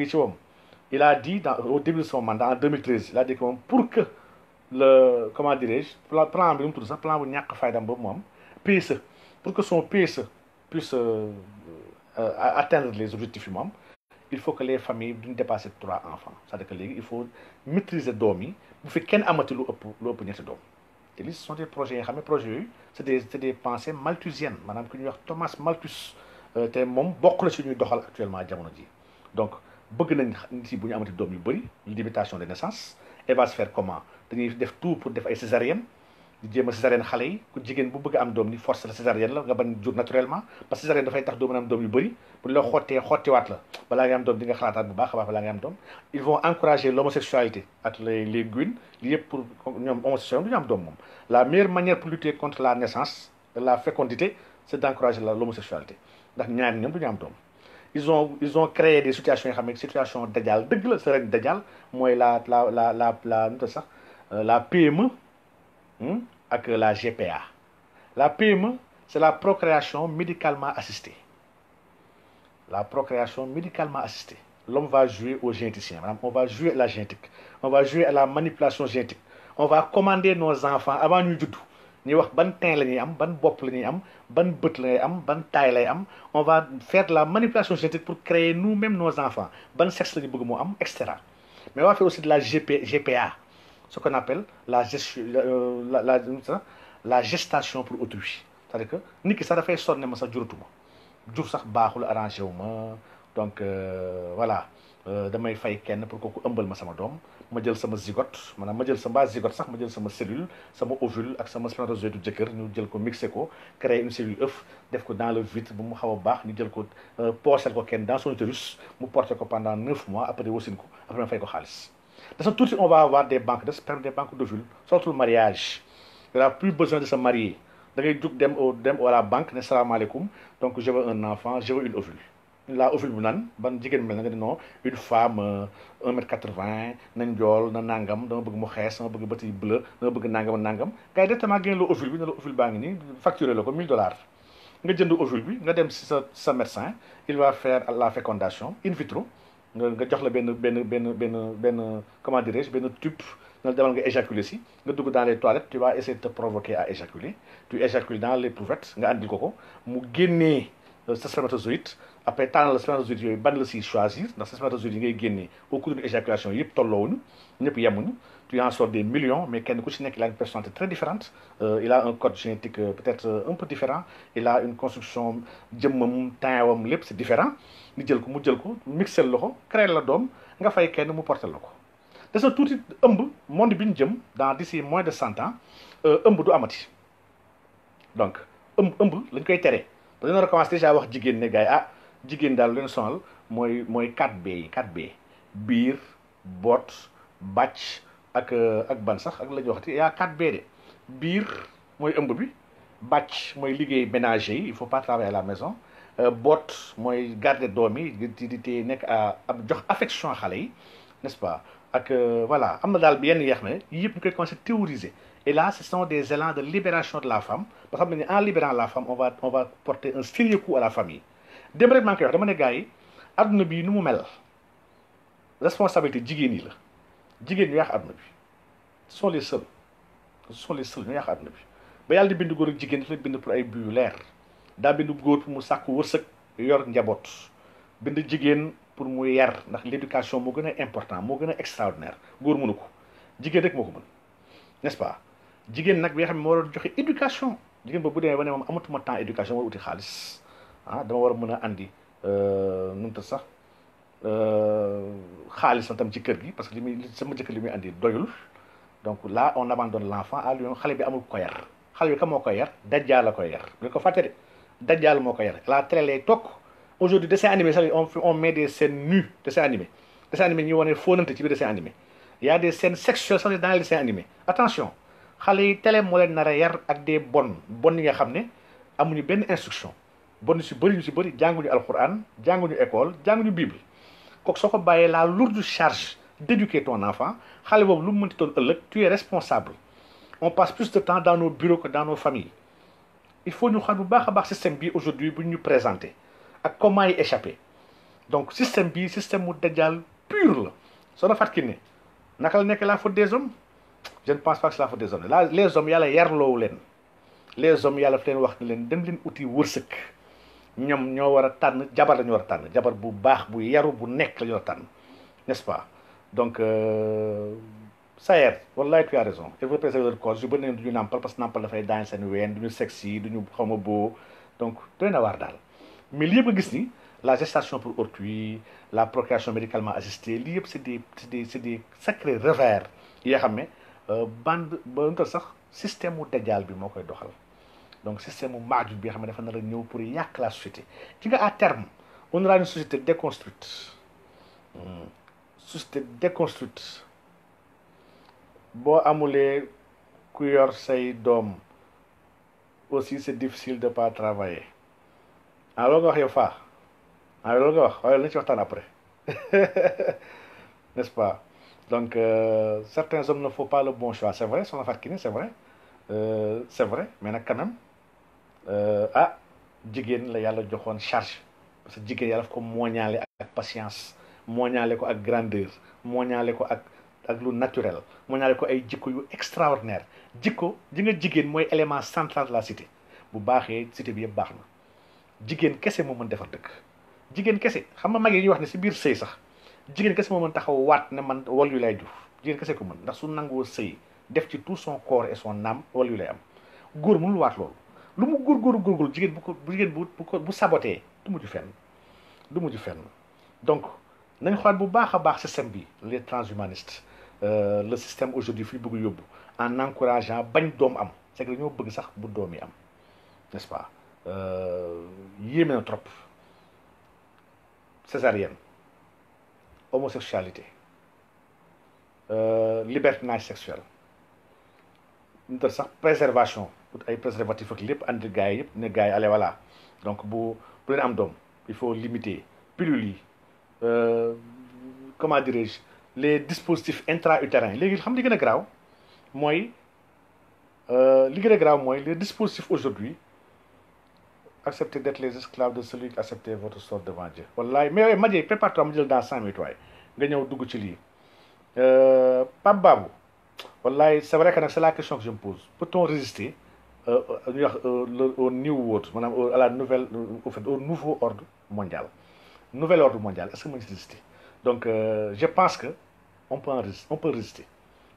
il a dit dans, au début de son mandat en 2013 il a dit que pour que le comment dirais-je plan de tout ça, plan pour que son PS puisse euh, euh, atteindre les objectifs humains il faut que les familles ne dépassent trois enfants c'est-à-dire que il faut maîtriser doom yi bu fi kenn amati lu ëpp lu ëpp dom. Et ce sont des projets yi projets c'est des c'est des pensées malthusiennes madame ku Thomas Malthus euh, te moom bokk na ci ñuy doxal actuellement à ji donc beaucoup nañ nit yi bu ñu amati doom yu limitation de naissance elle va se faire comment dañuy def tout pour def ay césarienne di jéem a césarienne xale yi ku jigéen bu bëgg am dom ni force la césarienne la nga ban jur naturellement parce que césarienne fay tax dom mën am dom yu bëri bu la xoti wat la bala nga am dom di nga xalaataat bu baax a baax balaa nga am dom ils vont encourager l'homosexualité at les les guines li pour ñom homosexuel du ñu am dom mom la meilleure manière pour lutter contre la naissance de la fécondité c'est d'encourager l'homosexualité ndax ñaari ñom du ñu am dom ils ont ils ont créé des situations xamé situation dajal deug la césarienne dajal moy la la la la la sax la PME Hmm? avec la GPA la PME c'est la procréation médicalement assistée la procréation médicalement assistée l'homme va jouer au généticien on va jouer à la génétique on va jouer à la manipulation génétique on va commander nos enfants avant nous du tout. wax on va faire de la manipulation génétique pour créer nous-mêmes nos enfants ban sexe mais on va faire aussi de la GPA ce qu'on appelle la, euh, la, la, hein, la, gestation pour autrui. C'est-à-dire que, ni que ça ne fait sortir, mais ça dure tout. Dure ça, bahul arrangé au Donc, euh, voilà. Euh, damay fay kenn pour kooku ëmbal ma sama dom, ma jël sama zygote manam ma jël sama base zygote sax ma jël sama cellule sama ovule ak sama spermatozoïde du jëkkër ñu jël ko mixer ko créer une cellule œuf def ko dans le vide bu mu xawa a baax ñu jël ko euh, poosel ko kenn dans son utérus mu porté ko pendant neuf mois après wosin ko après ma fay ko xaalis de toute façon, on va avoir des banques, de terme, des banques de jules, surtout le mariage. Il n'y aura plus besoin de se marier. Da ngay jug dem au dem à la banque ne salaamaaleykum donc je veux un enfant je veux une ovule la ovule bu nan ban jigéen mel na non une femme 1 m 80, vingt na njool na nangam dama bëgg mu xees dama bëgg bët yi bleu dama bëgg nangam nangam gars yi directement génn ovule bi ne ovule baa ngi nii facturé la 1000 dollars nga jënd ovule bi nga dem si sa médecin il va faire la fécondation in vitro nga nga jox la benn benn benn benn benn comment dirais-je benn tube na demal nga éjaculer si nga dugg dans les toilettes tu vas essayer de te provoquer à éjaculer tu éjacules dans les pouvettes nga andil ko ko mu génnee euh, sa spermatozoïde après tànnal la spermatozoïde yooyu ban la siy choisir ndax sa spermatozoïde yi ngay génnee au cours d'une éjaculation yëpp tolloowuñu ñëpp yemuñu tu en sors des millions, mais Ken a une personnalité très différente. Euh, il a un code génétique euh, peut-être euh, un peu différent. Il a une construction, c'est différent. Il Il ko mu construction ko mixel la la nga fay mu monde dans d'ici moins de 100 ans un amati donc déjà 4B 4B Bir, bot, ak euh, ak ban sax ak la il y a 4B de biir un ëmb bi batch moy liguey ménager yi il faut pas travailler à la maison euh, bot moy garder domi yi di di tey a ab jox affection xalé yi n'est-ce pas ak euh, voilà am dal daal yenn yeex ne yëpp ñu théorisé. commencé théoriser et là ce sont des élans de libération de la femme parce que en libérant la femme on va on va porter un sérieux coup à la famille démb rek maa wax dama ne gaay aduna bi nu mu mel responsabilité jigéen la. jigéen ñu yàq àdduna bi ce sole les seuls ce sont les seuls ñu yàq àdduna bi ba yàlla di bind góor ak jigéen daf leen bind pour ay bu yu leer daa bind góor pour mu sàkku wërsëg yor njaboot bind jigéen pour mu yer ndax l'éducation moo gën a important moo gën a extraordinaire góor mënu ko jigéen rek moo ko mën nest pas jigéen nag bi nga xam ne moo doon joxe éducation jigéen boobu bu demee ba ne moom amatuma temps éducation war uti xaalis ah dama war a mën a andi euh, nu mu sax Euh, xaalis na tam ci kër gi parce que li muy sama jëkkër li muy andi doyul donc là on abandonne l'enfant à lui xale bi amul ko yar xale bi ka moo ko yar dajjaa la ko yar bu ko fàtte de dajjaa moo ko yar la télé lay toog aujourd'hui dessin animé sax on on met des scènes nues dessin animé dessin animé ñu wane fóonante ci biir dessin animé y a des scènes sexuelles sax dans les dessins animés attention xale yi télé moo leen nar a yar ak des bonnes bonnes yi nga xam ne amuñu benn instruction bonnes yu si bëri ñu si bëri jànguñu alquran jànguñu école jànguñu bible quand tu baye la lourde charge d'éduquer ton enfant lu tu es responsable on passe plus de temps dans nos bureaux que dans nos familles il faut nous xam bu baax système bi aujourd'hui pour nous présenter. comment y échapper donc système bi système mu pur la soo na fàttali ne naka la faute des hommes je ne pense pas que c'est la faute des hommes les hommes yalla yarloowu len les hommes yalla fi leen wax dem len outil wërseuk ñoom ñoo wara a jabar lañu wara war jabar bu baax bu yaru bu nekk la ñu war n'est-ce pas donc euh, Sayer wallahi tu as raison il faut préserver le corps yu bëri nañu du ñu nàmpal parce que nàmpal dafay daañ seen ween du ñu sexy du ñu xawma boo donc doy na waar daal mais li yëpp nga gis ni la gestation pour autrui la procréation médicalement assistée lii yëpp c'est des c'est des c'est des sacrés revers yoo xamé euh, bande ba sax système mu dajaal bi mo koy doxal donc système mu mon bi xam ne dafa nar a ñëw pour yàq la société ci nga à terme on aura une société déconstruite hmm. société déconstruite boo amulee ku yor say doom aussi c'est difficile de pas travailler Alors ah, loolu nga wax yow faa ah loolu nga wax waaye oh, lañ ci waxtaan après n'est-ce pas donc euh, certains hommes ne font pas le bon choix c'est vrai son affaire kiné c'est vrai euh, c'est vrai mais nag quand même Eh, ah jigéen la yàlla joxoon charge parce que jigéen yàlla ko mooñaale ak patience mooñaale ko ak grandeur mooñaale ko ak ak lu naturel mooñaale ko ay jikko yu extraordinaire jikko ji nga jigéen mooy élément central de la cité bu baaxee cité bi yëpp baax na jigéen kese moo mën defar dëkk jigéen kese xam nga mag yi wax ne si biir sëy sax jigéen kese moo mën taxaw waat ne man wal yu lay juf kese ko mën ndax su nangoo sëy def ci tout son corps et son âme yu lay am góor mënul waat loolu lu mu góorgóorlu góorgóorlu jigéen bu ko jigéen bu bu bu sabotee du mujj fenn du mujj fenn donc nañ xool bu baax a baax système bi les transhumanistes euh, le système aujourd'hui fi bëgg yóbbu en encourageant bañ doom am c'est que dañoo bëgg sax bu doom yi am n'est-ce pas euh, yéeme na trop césarienne homosexualité euh, liberté sexuelle ñu sax préservation ut ay préservatif ak lépp andi gars yëpp ne gars yi allez voilà donc bu bu leen am doom il faut limiter pilule yi euh, comment dirais-je les dispositifs intra-utérins léegi xam li gën a graaw mooy euh, li gën a mooy les dispositifs aujourd'hui accepter d'être les esclaves de celui qui accepte votre sort devant Dieu wallaay mais yooyu prépare-toi ma jël dans 100 minutes waaye nga ñëw dugg ci lii euh, Pape Babou wallaay c'est vrai que c'est la question que je me pose peut-on résister ñuy euh, wax euh, euh, au new world maanaam à la nouvelle au fait au nouveau ordre mondial nouvel ordre mondial est-ce que mën résister donc je pense que on peut en résister on peut résister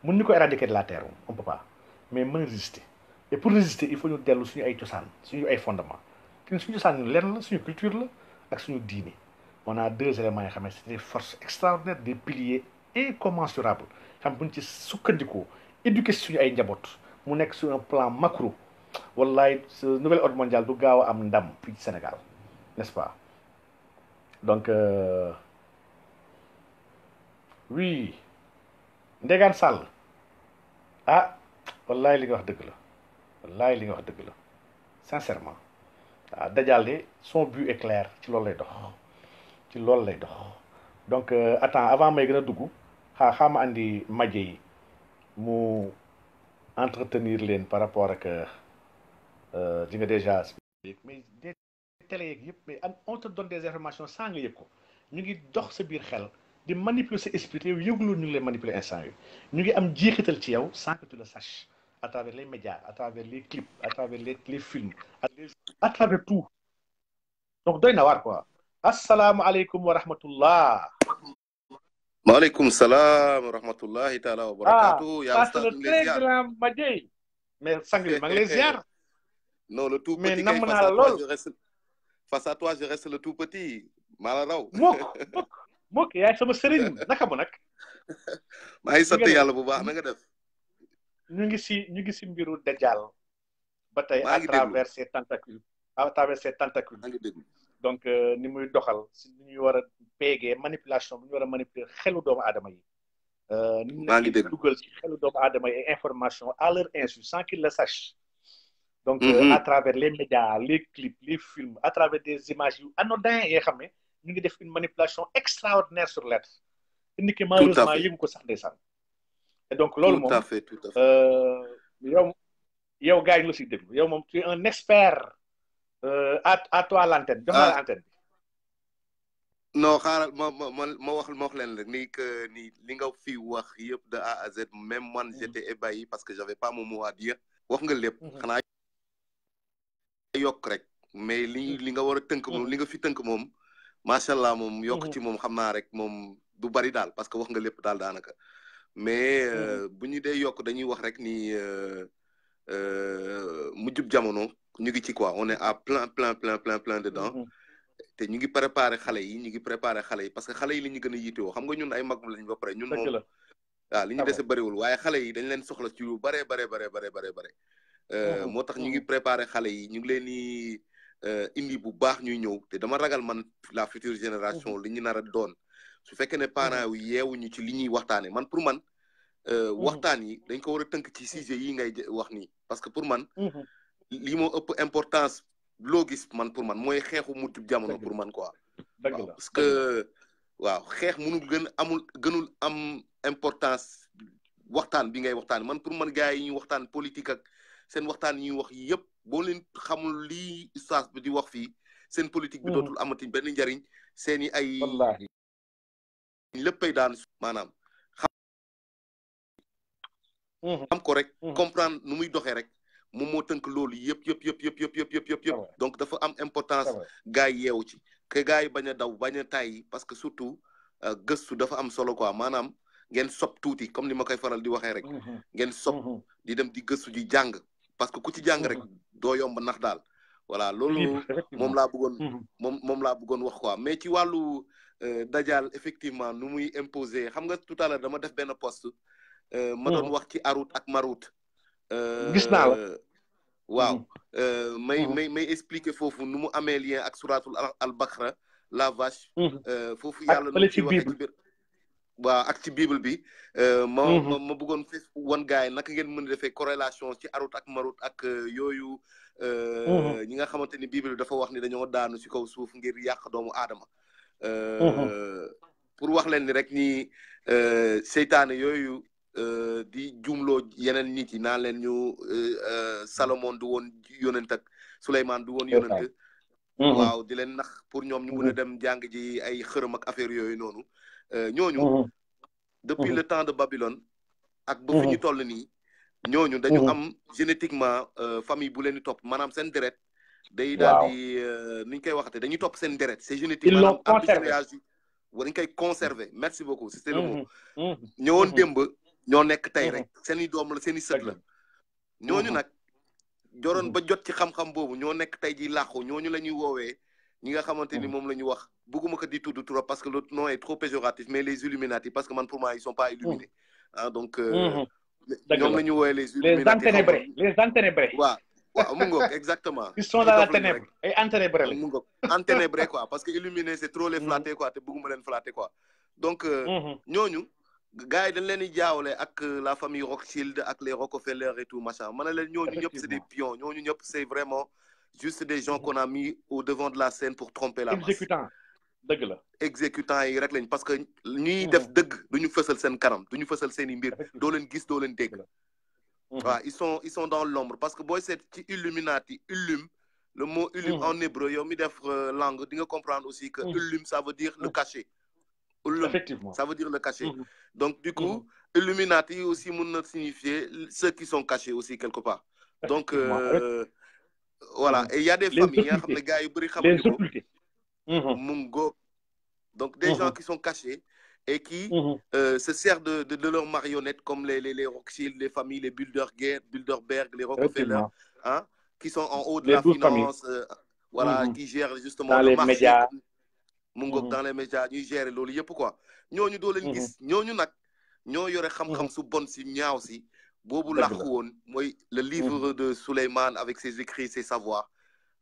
mun ñu ko éradiquer de la terre on peut pas mais on résister et pour résister il faut nous dellu suñu ay cosaan suñu ay fondement te suñu cosaan ñu lenn culture la ak suñu on a deux éléments yoo xam c'est des forces extraordinaires des piliers incommensurables xam buñ ci sukkandikoo éduquer suñu ay njaboot mu nekk sur un plan macro wallaay nouvel ordre mondial du gaaw a am ndam fii ci Sénégal n'est-ce pas donc euh, oui Ndégane Sall ah wallaay li nga wax dëgg la wallaay li nga wax dëgg la sincèrement waaw ah, Dajal de son but est clair ci loolu lay dox ci loolu lay dox donc euh, attends avant may gën a dugg xaa xaama andi maje yi mu entretenir leen par rapport ak euh, Euh, di nga déjà mais des télé yëpp mais on te donne des informations sans nga yëg ko ñu ngi dox sa biir xel di manipuler sa esprit te yow yëguloo ñu ngi lay manipuler instant yi ñu ngi am jeexital ci yow sans que tu le saches à travers les médias à travers les clips à travers les films à travers tout donc doy na waar quoi asalaamualeykum wa rahmatullah maaleykum salaam wa rahmatullahi taala wa ah, barakatuh yaa ustaz le très grand Madieye mais sang bi ma non le tout petit mais namm naa la lool je reste face à toi je reste le maa la raw. yaay sama sëriñ naka mu nag. maa ngi sant yàlla bu baax na nga def. ñu ngi si ñu ngi si mbiru Dajjal. ba tey à travers ses tentacules à travers ses donc euh, ni muy doxal si ni ñuy war a peegee manipulation bi ñu war a manipuler xelu doomu aadama yi. Euh, maa ngi déglu ni mu dugal si xelu information à leur insu sans qu'ils le sachent. donc mhm. euh, à travers les médias les clips les films à travers des images yu anodins yi nga xam ne ñu ngi def une manipulation extraordinaire sur l'être nit ki malheureusement yëgu ko sax ça et donc loolu moom tout à fait tout à fait euh, yow yow gars yi la si déglu yow moom tu es un expert euh, à à toi l'antenne jox naa l'antenne ah. bi non xaaral ma ma ma ma wax ma wax len rek ni que ni li nga fi wax yëpp de A à Z même moi mhm. j'étais ébahi parce que j'avais pas mon mot à dire wax nga lépp mhm. xanaa yokk rek mais li mm-hmm. li nga war a tënk moom li nga fi tënk moom macha allah moom yokk ci mm-hmm. moom xam naa rek moom du bari daal parce que wax nga lépp daal daanaka mais euh, mm-hmm. bu ñu dee yokk dañuy wax rek ni euh, euh, mu jub jamono ñu ngi ci quoi on est à plein plein plein plein plein dedans te ñu ngi préparé xale yi ñu ngi préparé xale yi parce que xale yi li ñu gën a xam nga ñun ay mag lañ ba pare ñun moom waaw li ñu ah dese bëriwul waaye xale yi dañ leen soxla ci lu bare bare bare bare bare bare Eh, oh. moo tax ñu ngi oh. préparer xalé yi ñu ngi leen euh indi bu baax ñuy ñew té dama ragal man la future génération oh. li ñu nara doon su fekké ne parents yewu ñu ci li ñuy waxtané man pour man. Eh, mm-hmm. waxtaan yi dañ ko wara a tënk ci sujet yi ngay wax ni parce que pour man. Mm-hmm. li mo ëpp importance logis gis man pour man xexu mu mujjub jamono pour man quoi. parce que waaw xex mënu gën amul gënul am importance waxtaan bi ngay waxtaan man pour man gaay yi ñu waxtaan politique ak sen waxtaan yi wax yëpp boo leen xamul lii ustaas bi di wax fii seen politique bi hmm. dootul amati benn njariñ seeni ay wallaahi léppay daan maanaam hmm. xam ko rek hmm. comprendre nu muy doxee rek moom moo tënk loolu yëpp yëpp yëpp yëpp yëpp yëpp yëpp yëpp donc dafa am importance gars yi yeewu ci ke gars yi bañ a daw bañ a tàyyi parce que surtout euh, gëstu dafa am solo quoi maanaam ngeen sob tuuti comme ni ma koy faral di waxee rek ngeen sob di dem di gëstu di jàng parce que ku ci jàng rek doo yomb nax daal voilà loolu moom laa bëggoon mm-hmm. moom moom laa bëggoon wax quoi mais ci wàllu euh, dajaal effectivement nu muy imposer xam nga tout à l'heure dama def benn poste euh, ma doon mm-hmm. wax ci arut ak marut euh, gis mm-hmm. may may may expliquer foofu nu mu amee lien ak suratul al baqara la vache foofu yàlla ci waxee ci biir waaw ak ci bible bi. Euh, ma mhm. ma ma bëggoon fes wan gars yi naka ngeen mën a defee corrélation ci arut ak marut ak euh, yooyu. Mhm. Euh, ñi nga xamante ni bible bi dafa wax ni dañoo daanu ci kaw suuf ngir yàq doomu aadama. Mhm. pour wax leen ni rek ni seytaane yooyu di jumloo yeneen nit yi naan leen ñu Salomon du woon yonent ak Souleymane du woon yonent. waaw di leen nax pour ñoom ñu mën a dem jàng ji ay xërëm ak affaire yooyu noonu. Euh, ñooñu. Mhm. Mhm. depuis le temps de Babylone. ak ba fi ñu mhm. toll nii. ñooñu dañu am génétiquement euh, famille bu leen di topp maanaam seen deret. day daal di euh, ni ñu koy waxatee dañuy topp seen deret. c'est génétique maanaam embryonnage yi war nañu koy conserver merci beaucoup c'est le mot. ñëwoon démb ñoo nekk tey rek seen i doom la seen i sët la. ñooñu nag joroon ba jot ci xam-xam boobu ñoo nekk tey ji làqu ñooñu la ñuy woowee. ñi nga xamanteni ni hmm. lañu wax bëgguma ko di tudd trop parce que le nom est trop péjoratif mais les Illuminati parce que pour moi ils sont pas hmm. illuminés ah donc. Euh, hmm, ñoom les. Illuminati les enténébrés les enténébrés. wa exactement. ils sont dans la ténèbre et enténébrés mungo quoi parce que illuminé c'est trop les flatter quoi te bëgguma les flatter quoi. donc euh, ñoñu gaay dañ leen di jaawale ak euh, la famille Rothschild ak les Rockefeller et tout machin man leen ñooñu c'est des pions ñoñu ñep c'est vraiment juste des gens qu'on a mis au devant de la scène pour tromper la masse exécutant exécutant et rek parce que ñuy hmm. def deug duñu scène sen karam, duñu sen hmm. hmm. ils sont ils sont dans l'ombre parce que c'est c'est Illuminati illum. le mot illum en hébreu yo mi def euh, langue di nga comprendre aussi que illum, ça veut dire le caché. effectivement ça veut dire le caché. donc du coup Illuminati aussi signifie signifier ceux qui sont cachés aussi quelque part donc voilà mm. et il y a des familles hein. les gars yu mm-hmm. donc des mm-hmm. gens qui sont cachés et qui mm-hmm. euh, se servent de de leurs marionnettes comme les les les Rothschild les familles les Bilderberg Bilderberg les Rockefeller hein qui sont en haut de la finance euh, voilà qui gèrent justement le marché Mungok dans les médias ñuy gèrent l'eau. yëpp quoi ñoñu do leen gis ñoñu nak ñoo yoré xam-xam su bon si ñaaw si bobu làqu woon le livre mm-hmm. de Souleyman avec ses écrits ses savoirs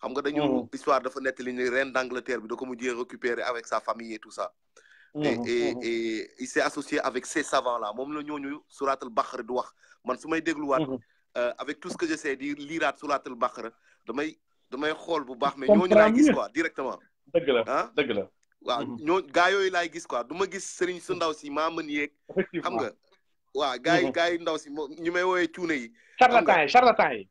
xam nga dañu mm-hmm. histoire dafa nettali ni reine d'Angleterre bi da ko dié récupérer avec sa famille et tout ça et mm-hmm. et et il s'est associé avec ces savants là mom la ñooñu al Baqara du wax man su may dégluwaat euh, avec tout ce que je sais di liiraat al Baqara damay damay xol bu baax mais ñooñu la hein? gis quoi directement deug la ah la waaw ñoo yo yooyu lay gis quoi duma ma gis Serigne su si ma mën yeeg xam nga waaw gars yi gars yi ndaw si ñu may woowee cuune yi. charlatan charlatan yi.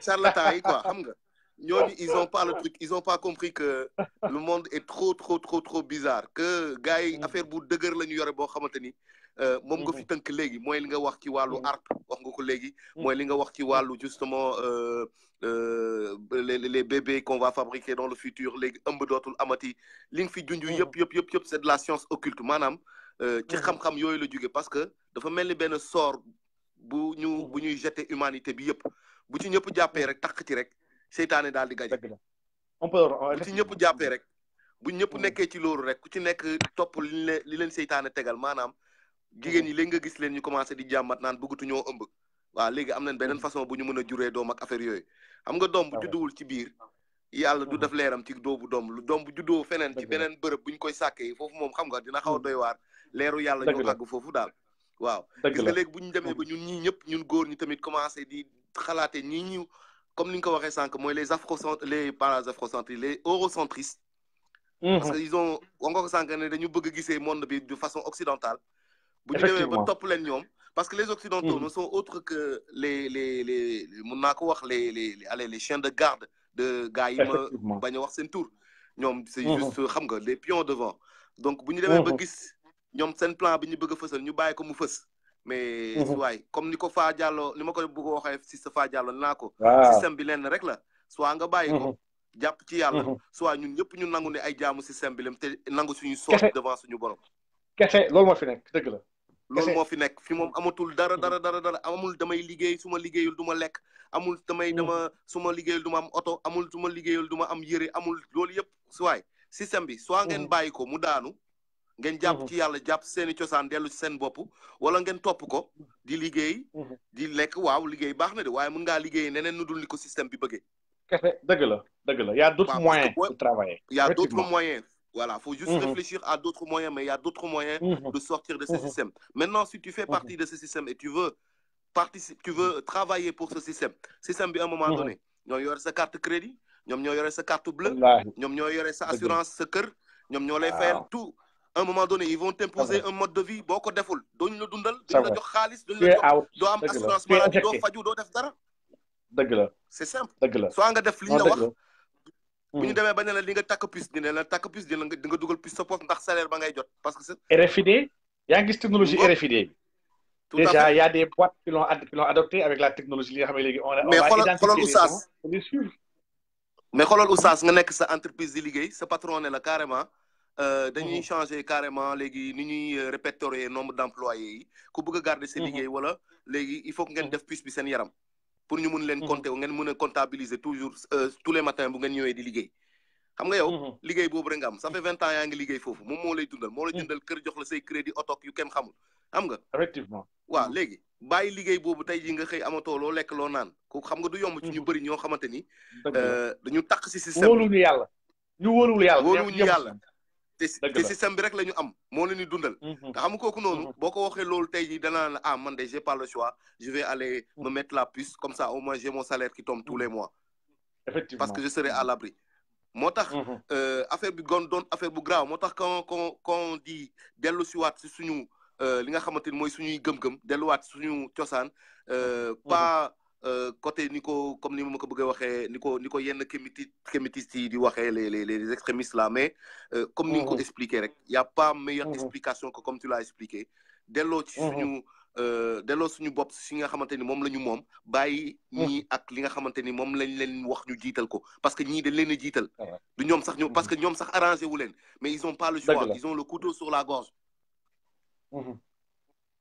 charlatan yi quoi xam nga ñooñu ils ont pas le truc ils ont pas compris que le monde est trop trop trop trop bizarre que gars yi mmh. affaire bu dëgër la ñu yore boo xamante ni. Euh, moom nga fi mmh. tënk léegi mooy li nga wax ci wàllu mmh. art wax nga ko léegi. mooy li nga wax ci wàllu justement euh, euh, les les bébés qu'on va fabriquer dans le futur léegi ëmb dootul amati li fi junj yëpp yëpp yëpp yëpp c'est de la science occulte maanaam. Euh, ci mmh. xam-xam yooyu la jóge parce que dafa mel ni benn sort bu ñu mmh. bu ñuy jeter humanité bi yëpp bu ci ñëpp jàppee rek takk ci rek seytaane daal di gaje bu ci ñëpp jàppee rek bu ñëpp mmh. nekkee ci loolu rek ku ci nekk topp li leen li leen seytaane tegal maanaam jigéen ñi léegi nga gis leen ñu commencé di jàmbat naan bëggatu ñoo ëmb wa léegi am nañ beneen façon bu ñu mën a juree doom ak affaire yooyu xam nga doom bu ah judduwul ci biir yàlla du def leeram ci doobu doom lu doom bu juddoo feneen ci beneen bërëb bu ñu koy sàkkee foofu moom xam nga dina xaw a doy waar leeru yàlla ñoo àgg foofu daal waaw gis nga léegi bu ñu demee ba ñun ñii ñëpp ñun góor ñi tamit commencé di xalaate ñii ñi comme ni nga ko waxee sànq mooy les afrocent les pas les afrocentristes les eurocentristes mhm. parce que ils ont encore nga ko sànq ne dañu bëgg a gisee monde bi de façon occidentale bu ñu demee ba topp leen ñoom parce que les occidentaux mhm. ne sont autres que les les les mun naa ko wax les les allez les chiens de garde de gars yi ma bañ a wax seen tour ñoom c'est mhm. juste xam nga les pions devant donc bu ñu demee ba gis ñoom seen plan bi ñu bëgg a fësal ñu bàyyi ko mu fës. mais mhm. waay comme ni ko Faa Diallo ni ma ko bëgg a waxee si sa Faa Diallo naa ko. système bi lenn rek la. soit nga bàyyi ko. Mhm. jàpp ci yàlla. Mhm. soit ñun ñëpp ñu nangu ne ay jaamu système bi lem te nangu suñu soog devant suñu borom. kese loolu moo fi nekk dëgg la. moo fi nekk fi moom amatul dara dara dara dara amul damay liggéey su ma liggéeyul du ma lekk amul damay dama su ma liggéeyul du ma am oto amul su ma liggéeyul du ma am yére amul loolu yëpp suwaay système bi soit ngeen bàyyi ko mu daanu il y a d'autres moyens de travailler y a d'autres moyens voilà faut juste mm-hmm. réfléchir à d'autres moyens mais y a d'autres moyens mm-hmm. de sortir de ce mm-hmm. système maintenant si tu fais partie de ce système et tu veux travailler pour ce système système à un moment donné sa carte crédit carte bleue assurance sa tout à un moment donné ils vont t'imposer ah, un mode de vie boo ko deful dooñu la dundal duñu la jox xaalis duñu la jox am assurance maladie doo faju do def dara dëgg la c'est simple dëgg la soit nga def li ñu la wax bu ñu hmm. demee ba la li nga tak puce dina la tak puce dina nga di nga dugal puce sa poche ndax salaire ba ngay jot parce que c'est RFID ya gis technologie RFID déjà il y a des boîtes qui l'ont qui l'ont adopté avec la technologie li nga xam ne on mais xoolal xoolal Oustaz mais xoolal Oustaz nga nek sa entreprise di liguey sa patron né la carrément Euh, dañuy mm-hmm. changer carrément léegi ni ñuy euh, répertorier nombre d' employés ku bëgg a garder sa mm-hmm. liggéey wala léegi il faut que ngeen mm-hmm. def puce bi seen yaram pour ñu mun leen compter ngeen mun a comptabiliser toujours euh, tous les matins bu ngeen ñëwee di liggéey xam nga yow liggéey boobu rek nga am ça fait vingt ans yaa ngi liggéey foofu moom moo lay dundal moo lay dundal kër jox la say crédit oto yu kenn xamul xam nga effectivement waaw léegi bàyyi liggéey boobu tey ji nga xëy amatoo loo lekk loo naan ko xam nga du yomb ci ñu bëri ñoo xamante ni dañu takk si système wóoluñu yàlla ñu wóoluwul yàlla wóoluñu yàlla te système bi rek lañu am moo leen ni dundal mhm. te xam nga kooku noonu mhm. boo ko waxee loolu tey jii danaa la ah man de j'ai pas le choix je vais aller me mettre la puce comme ça au moins j'ai mon salaire qui tombe tous les mois parce que je serai à mhm. l'abri moo tax euh, affaire bi gon doon affaire bu grave moo tax quand quand quand di dellu si waat si suñu euh, li nga xamante ni mooy suñuy gëm-gëm delluwaat suñu cosaan euh, pas euh, côté ni comme ni ma ko bëgg a waxee ni yenn kémiti kémitistes di waxee les les les extrémistes là mais euh, comme ni nga ko mhm. expliqué rek y' a pas meilleure mhm. explication que comme tu l'as expliqué dello ci mhm. suñu euh, dello suñu bop si nga xamanteni mom lañu mom bayyi moom ak li nga xamanteni mom lañ leen wax ñu jiital ko parce que ñi dañ leen a du ñom sax ñu parce que ñom sax arrangé wu leen mais ils ont pas le choix ils ont le couteau sur la gorge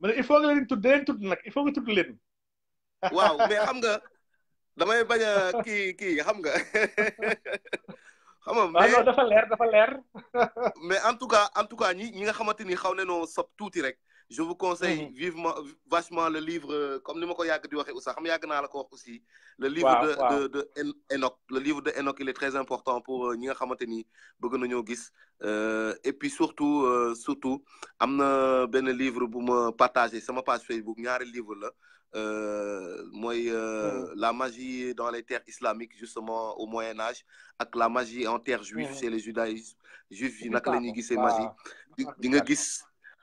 ma ne il faut nga leen tudd leen tudd nag il faut nga tudd leen. waaw mais xam nga damay bañ a kii kii xam nga. xam nga ah, mais dafa leer dafa leer. mais en tout cas en tout cas ñi ñi nga xamante ni xaw nañoo sob tuuti rek. je vous conseille mhm. vivement vachement le livre euh, comme ni ma ko yàgg di waxe xam wax aussi. le livre de de de Enoch le livre de Enoch il est très important pour euh, ñi nga xamanteni bëgg bëgg gis. Euh, et puis surtout surtout amna ben livre bu partager sur sama page Facebook ñaari livre la mhm. la magie dans les terres islamiques justement au Moyen Âge Avec la magie en terre juive mhm. chez le judaïsme. juifs yi naka magie di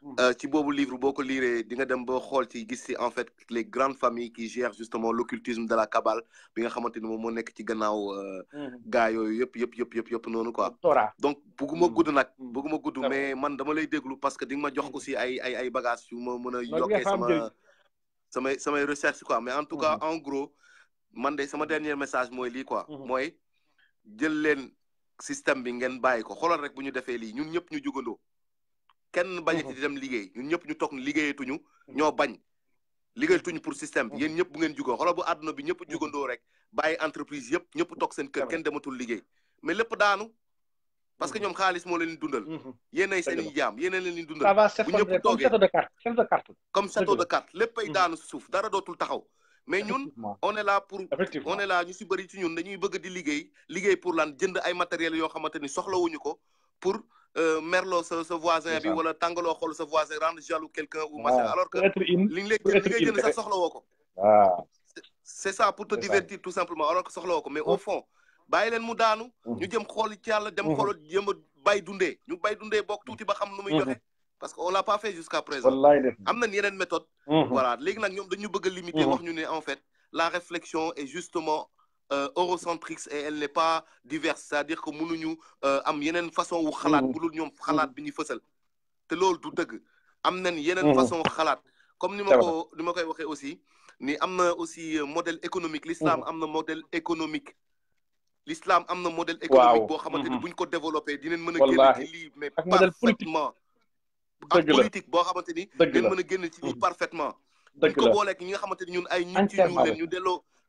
Hmm. Euh, ci boobu livre boo ko liiree di nga dem ba xool ci gis si en fait les grandes familles qui gèrent justement l'occultisme de la Kabbale bi nga xamante ni moom moo nekk ci gannaaw. Euh, hmm. gaa yooyu yëpp yëpp yëpp yëpp yëpp noonu quoi. donc bëgguma hmm. gudd nag. bëgguma gudd mais man dama lay déglu parce que di nga ma jox aussi ay ay ay bagages yu ma mën a. yokkee sama samay samay recherche quoi mais en tout cas en gros man de sama dernier message mooy lii quoi. mooy jël leen système bi ngeen bàyyi ko xoolal rek bu ñu defee lii ñun ñëpp ñu jugandoo. kenn bañati di dem liggéey ñun ñëpp ñu toog liggéeyatuñu ñoo bañ liggéey tuñu pour système bi yéen ñëpp bu ngeen jugoo xoolal bu àdduna bi ñëpp jugandoo rek bàyyi entreprise yëpp ñëpp toog seen kër kenn dematul liggéey mais lépp daanu parce que ñoom xaalis moo leen dundal ay seen i jaam yéena leen di dundal bu ñëpp toogee comme château de carte ay mmh. daanu suuf dara dootul taxaw mais ñun on est là pour on est là ñu si bëri ci ñun dañuy bëgg di liggéey liggéey pour lan jënd ay matériel yoo xamante ni soxlawuñu ko pour Euh, merloo ce ce voisin bi wala tangalo xol ce voisin rendre jaloux quelqu'un ou machin alors que li nga li ngay jënd sax soxlawoo ko ah. c'est ça pour te divertir tout simplement alors que soxlawoo ko mais au fond bàyyi len mu daanu mm-hmm. ñu jëm xool ci yalla dem mm-hmm. xool jëm a bay dundee ñu bay dundé bok touti ba xam nu muy mm-hmm. joxe parce que on l'a pas fait jusqu'à présent amna yenen méthode voilà légui nak ñom dañu bëgg limiter wax ñu ne en fait la réflexion est justement euh, eurocentrique et elle n'est pas diverse c'est-à-dire que mënuñu euh, am yeneen façon wu xalaat mm. bu dul ñoom xalaat bi ñu fësal te loolu du dëgg am nañ yeneen mm. façon xalaat comme ni ma ko ni ma koy waxee aussi ni am na aussi euh, modèle économique l'islam mm. am na modèle économique l'islam am na modèle économique boo xamante ni mm-hmm. buñ ko développé dinañ mën a génn ci mais parfaitement politique bo xamanteni ni dinañ mën génn ci lii parfaitement buñ ko booleeg ñi nga xamanteni ñun ay ñun ci ñu leen ñu delloo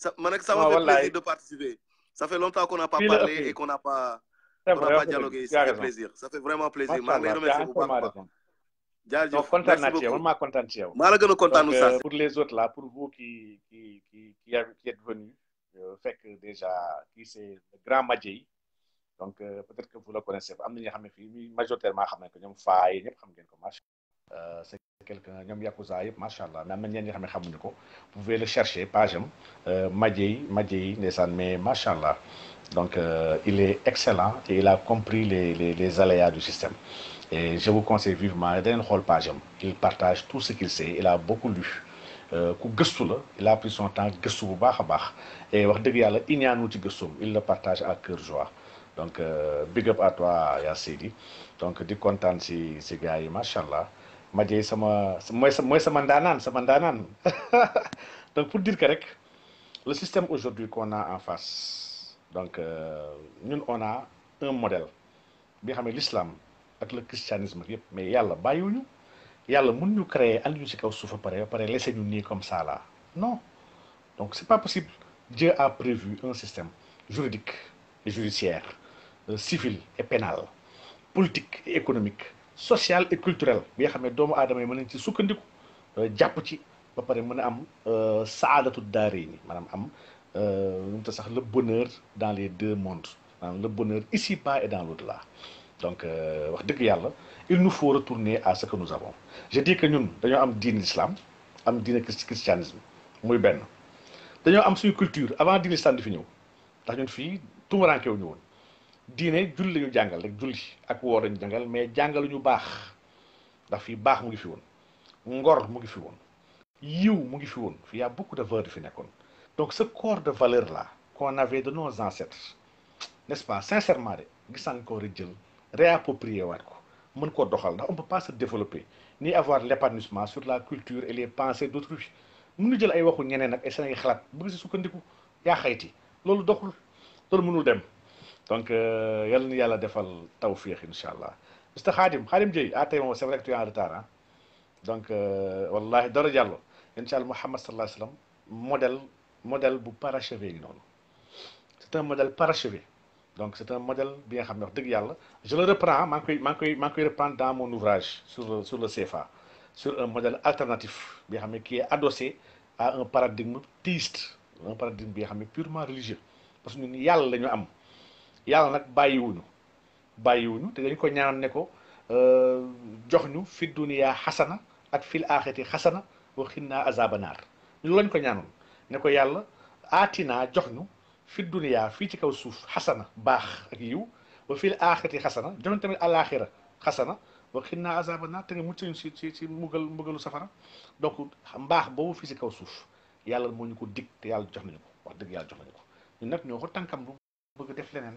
Ça, ça ah, m'a fait plaisir de participer. Ça fait longtemps qu'on n'a pas parlé et qu'on n'a pas, on pas dialogué. Ça fait plaisir. Ça fait vraiment plaisir. maa ngi lay remercier bu content a baax. jaajëf kontaan euh, pour les autres là pour vous qui qui qui qui êtes venus que déjà qui c'est le grand Madjey donc euh, peut-être que vous le connaissez am na ñoo xam majoritairement xam nañ ko ñoom Faye ñëpp xam ngeen ko quelqu'un yakuza machallah ñi ko vous pouvez le chercher page Maji, Madjey Madjey ndeysaan mais machallah donc euh, il est excellent et il a compris les les les aléas du système et je vous conseille vivement d'un rôle page il partage tout ce qu'il sait il a beaucoup lu euh, ku il a pris son temps gëstu bu et wax il le partage à cœur joie donc euh, big up à toi Yassidi donc di content si si gars yi ma jey sama mooy sa sama sama donc pour dire que le système aujourd'hui qu'on a en face donc euh, ñun on a un modèle bi nga l'islam ak le christianisme yëpp mais yàlla bàyyiwuñu yàlla mun ñu créer y ñu si kaw qui a pare pare laisser ñu nii comme ça là non donc c'est pas possible Dieu a prévu un système juridique et judiciaire euh, civil et pénal politique et économique social et culturelle bi nga xam ne doomu aadama yi mën nañ ci sukkandiku euh, jàpp ci ba pare mën a am euh, saadatu daare ni maanaam am ñu euh, te sax le bonheur dans les deux mondes maanaam le bonheur ici-bas et dans l'au-delà donc wax dëgg yàlla il nous faut retourner à ce que nous avons je dis que ñun dañoo am diine l'islam am diine christianisme muy benn dañoo am suñu culture avant diine l'islam di fi ñëw ndax ñun fii tumuraankew ñu woon diine julli la ñu jàngal rek julli ak woor lañu jàngal mais jàngalu ñu baax ndax fii baax mu ngi fi woon ngor mu ngi fi woon yiw mu ngi fi woon fii y a beaucoup de valeurs fi nekkoon donc ce corps de valeur la qu'on avait de nos ancêtres n'est-ce pas sincèrement de gis naa ko war a jël réapproprier waat ko mën koo doxal ndax on peut pas se développer ni avoir l'épanouissement sur la culture et les pensées mu mënu jël ay waxu ñeneen ak ay seen xalaat bëgg sukkandiku yaa xayti loolu doxul loolu mënul dem donc yal ni yàlla defal tawfiq inshallah allah Mr Khadim Khadim jey ah tey moom c'est vrai que tu es en retard hein donc wallahi dara jàllo inshallah allah Muhammad sallallahu alayhi wasallam model model bu parachevé non c'est un model parachevé donc c'est un modèle bi nga xam wax deug yàlla je le reprends maa koy maa koy maa koy reprendre dans mon ouvrage sur le sur le CFA sur un modèle alternatif bi nga xam qui est adossé à un paradigme théiste un paradigme bi nga xam purement religieux parce que ñun yàlla lañu am yàlla nag bàyyiwuñu bàyyiwuñu te dañ ko ñaan ne ko euh, jox ñu fi duniyaa xasana ak fil aaxirati xasana wa xinnaa azaaba naar ñu lañ ko ñaanoon ne ko yàlla aatinaa jox ñu fi duniyaa fii ci kaw suuf xasana baax ak yiw wa fil aaxirati xasana jox ñu tamit alaaxira xasana wa xinnaa naa naar te nga mucc ñu si ci ci mbugal mbugalu safara donc mbaax boobu fii ci kaw suuf yàlla moo ñu ko dikk te yàlla jox nañu ko wax dëgg yàlla jox nañu ko ñun nag ñoo ko tànkam bëgg def leneen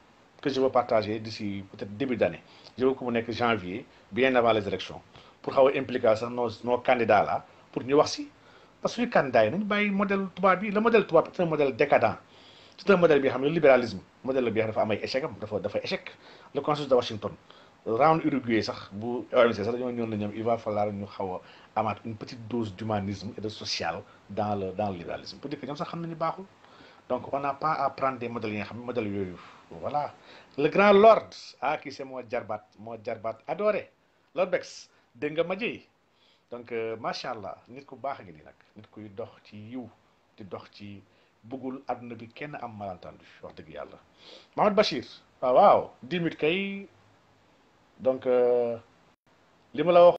que je veux partager d'ici peut-être début d'année je veux que janvier bien avant les élections pour avoir l'implication impliquer nos candidats là pour nous wax si parce que les candidats modèle de bi le modèle c'est un modèle décadent c'est un modèle bi le le libéralisme modèle bi nga échec échec le consensus de Washington round Uruguay sax il va falloir ñu avoir, une petite dose d'humanisme et de social dans le dans le libéralisme pour dire que sax donc on n'a pas à prendre des modèles voilà le grand lord ah qui c'est moo jarbat moo jarbat adoré lord bex denga nga ma ji donc euh, allah nit ku bax gi ni nak nit ku dox ci yiw di dox ci bugul aduna bi kenn am malentendu wax deug yalla Mohamed Bachir waaw ah, waaw dix minutes kay donc euh, ma la wax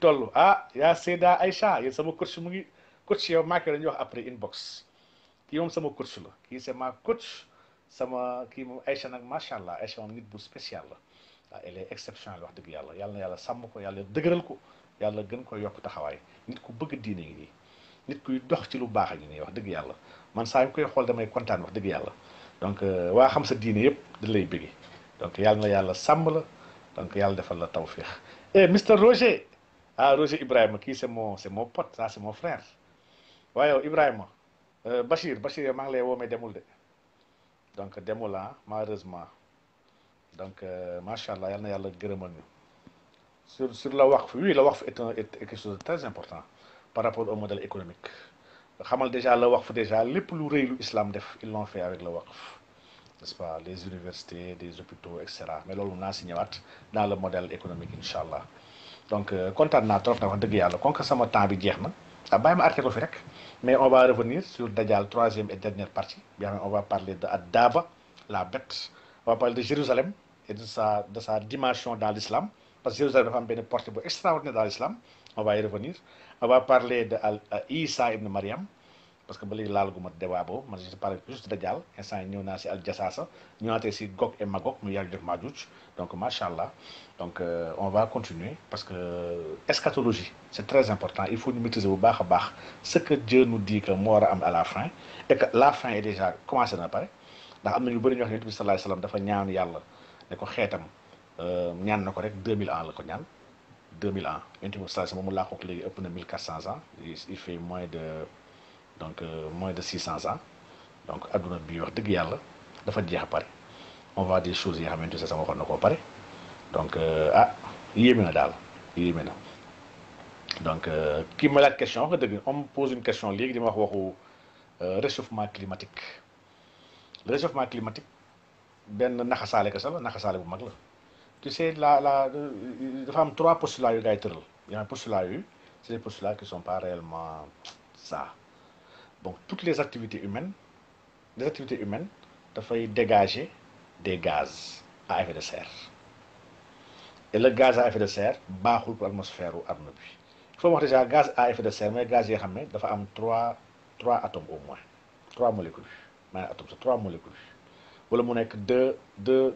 tollu ah ya seda Aisha, ya sama coach mu ngi coach yow apri wax après inbox ki mom sama coach la ki c'est ma coach sama kii moom Aïcha nag macha allah Aïcha moom nit bu spécial la ah elle est exceptionnelle wax dëgg yàlla yàlla na yàlla sàmm ko yàlla dëgëral ko yàlla gën ko yokku taxawaay nit ku bëgg diine ngi nii nit kuy dox ci lu baax a ngi nii wax dëgg yàlla man saa yu koy xool damay kontaan wax dëgg yàlla donc euh, waa xam sa diine yëpp da lay bëgge donc yàlla na yàlla sàmm la donc yàlla defal la tawféex eh Mister Roger ah Roger Ibrahima kii c'est mon c'est mon pote ça c'est mon frère waaye Ibrahima euh, Bachir Bachir maa ngi lay woomee demul de donc demulaa malheureusement donc il y yalla yalla gens qui sur sur la waqf oui la waqf est quelque chose de très important par rapport au modèle économique xamal déjà la waqf déjà les plus rëy lu l'islam def ils l'ont fait avec la waqf n'est-ce pas les universités des hôpitaux et mais là, on signé ñëwaat dans le modèle économique Inshallah. donc content euh, naa trop nag wax dëgg comme que sama temps bi jeex ah, article mais on va revenir sur Dajjal troisième et dernière partie bien on va parler de Adaba, la bête on va parler de Jérusalem et de sa de sa dimension dans l'islam parce que Jérusalem est une porte extraordinaire dans l'islam on va y revenir on va parler de euh, Isa ibn Mariam parce que ba léegi laalaguma débat boobu man je parle juste de Dajjal instant yi ñëw naa si Aljassasa ñëw naa tey si Gog et Magog mu Yaajuuj ak Maajuuj donc macha allah donc euh, on va continuer parce que euh, eschatologie c'est très important il faut ñu maîtriser bu baax a baax ce que Dieu nous dit que moo war a am à la fin et que la fin est déjà commencé na pare ndax am na ñu bëri ñoo xam ne Yonent bi sallallahu alayhi wasallam dafa ñaan yàlla ne ko xeetam euh, ñaan na ko rek 2000 ans la ko ñaan 2000 ans Yonent bi sallallahu alayhi wasallam mu laaxook léegi ëpp na 1400 ans il fait moins de donc euh, moins de 600 ans donc Aduna bi wax dëgg de dafa jeex pare on va des choses yi xamante ne sama waxoon na pare donc euh, ah yéeme na Il est na donc qui euh, ma la question on me pose une question liée, di ma wax waxu réchauffement climatique le réchauffement climatique benn naxasaale kese la naxasaale bu mag la tu sais il y a am trois postulats yu là. Il y a un postulat, c'est des postulats qui ne sont pas réellement ça donc toutes les activités humaines les activités humaines dégager des gaz à effet de serre et le gaz à effet de serre baaxul pour l'atmosphère ou àdduna il faut voir déjà gaz à effet de serre mais gaz yi xam faire dafa am trois trois atomes au moins trois molécules mais atomes, c'est trois molécules wala le nekk deux deux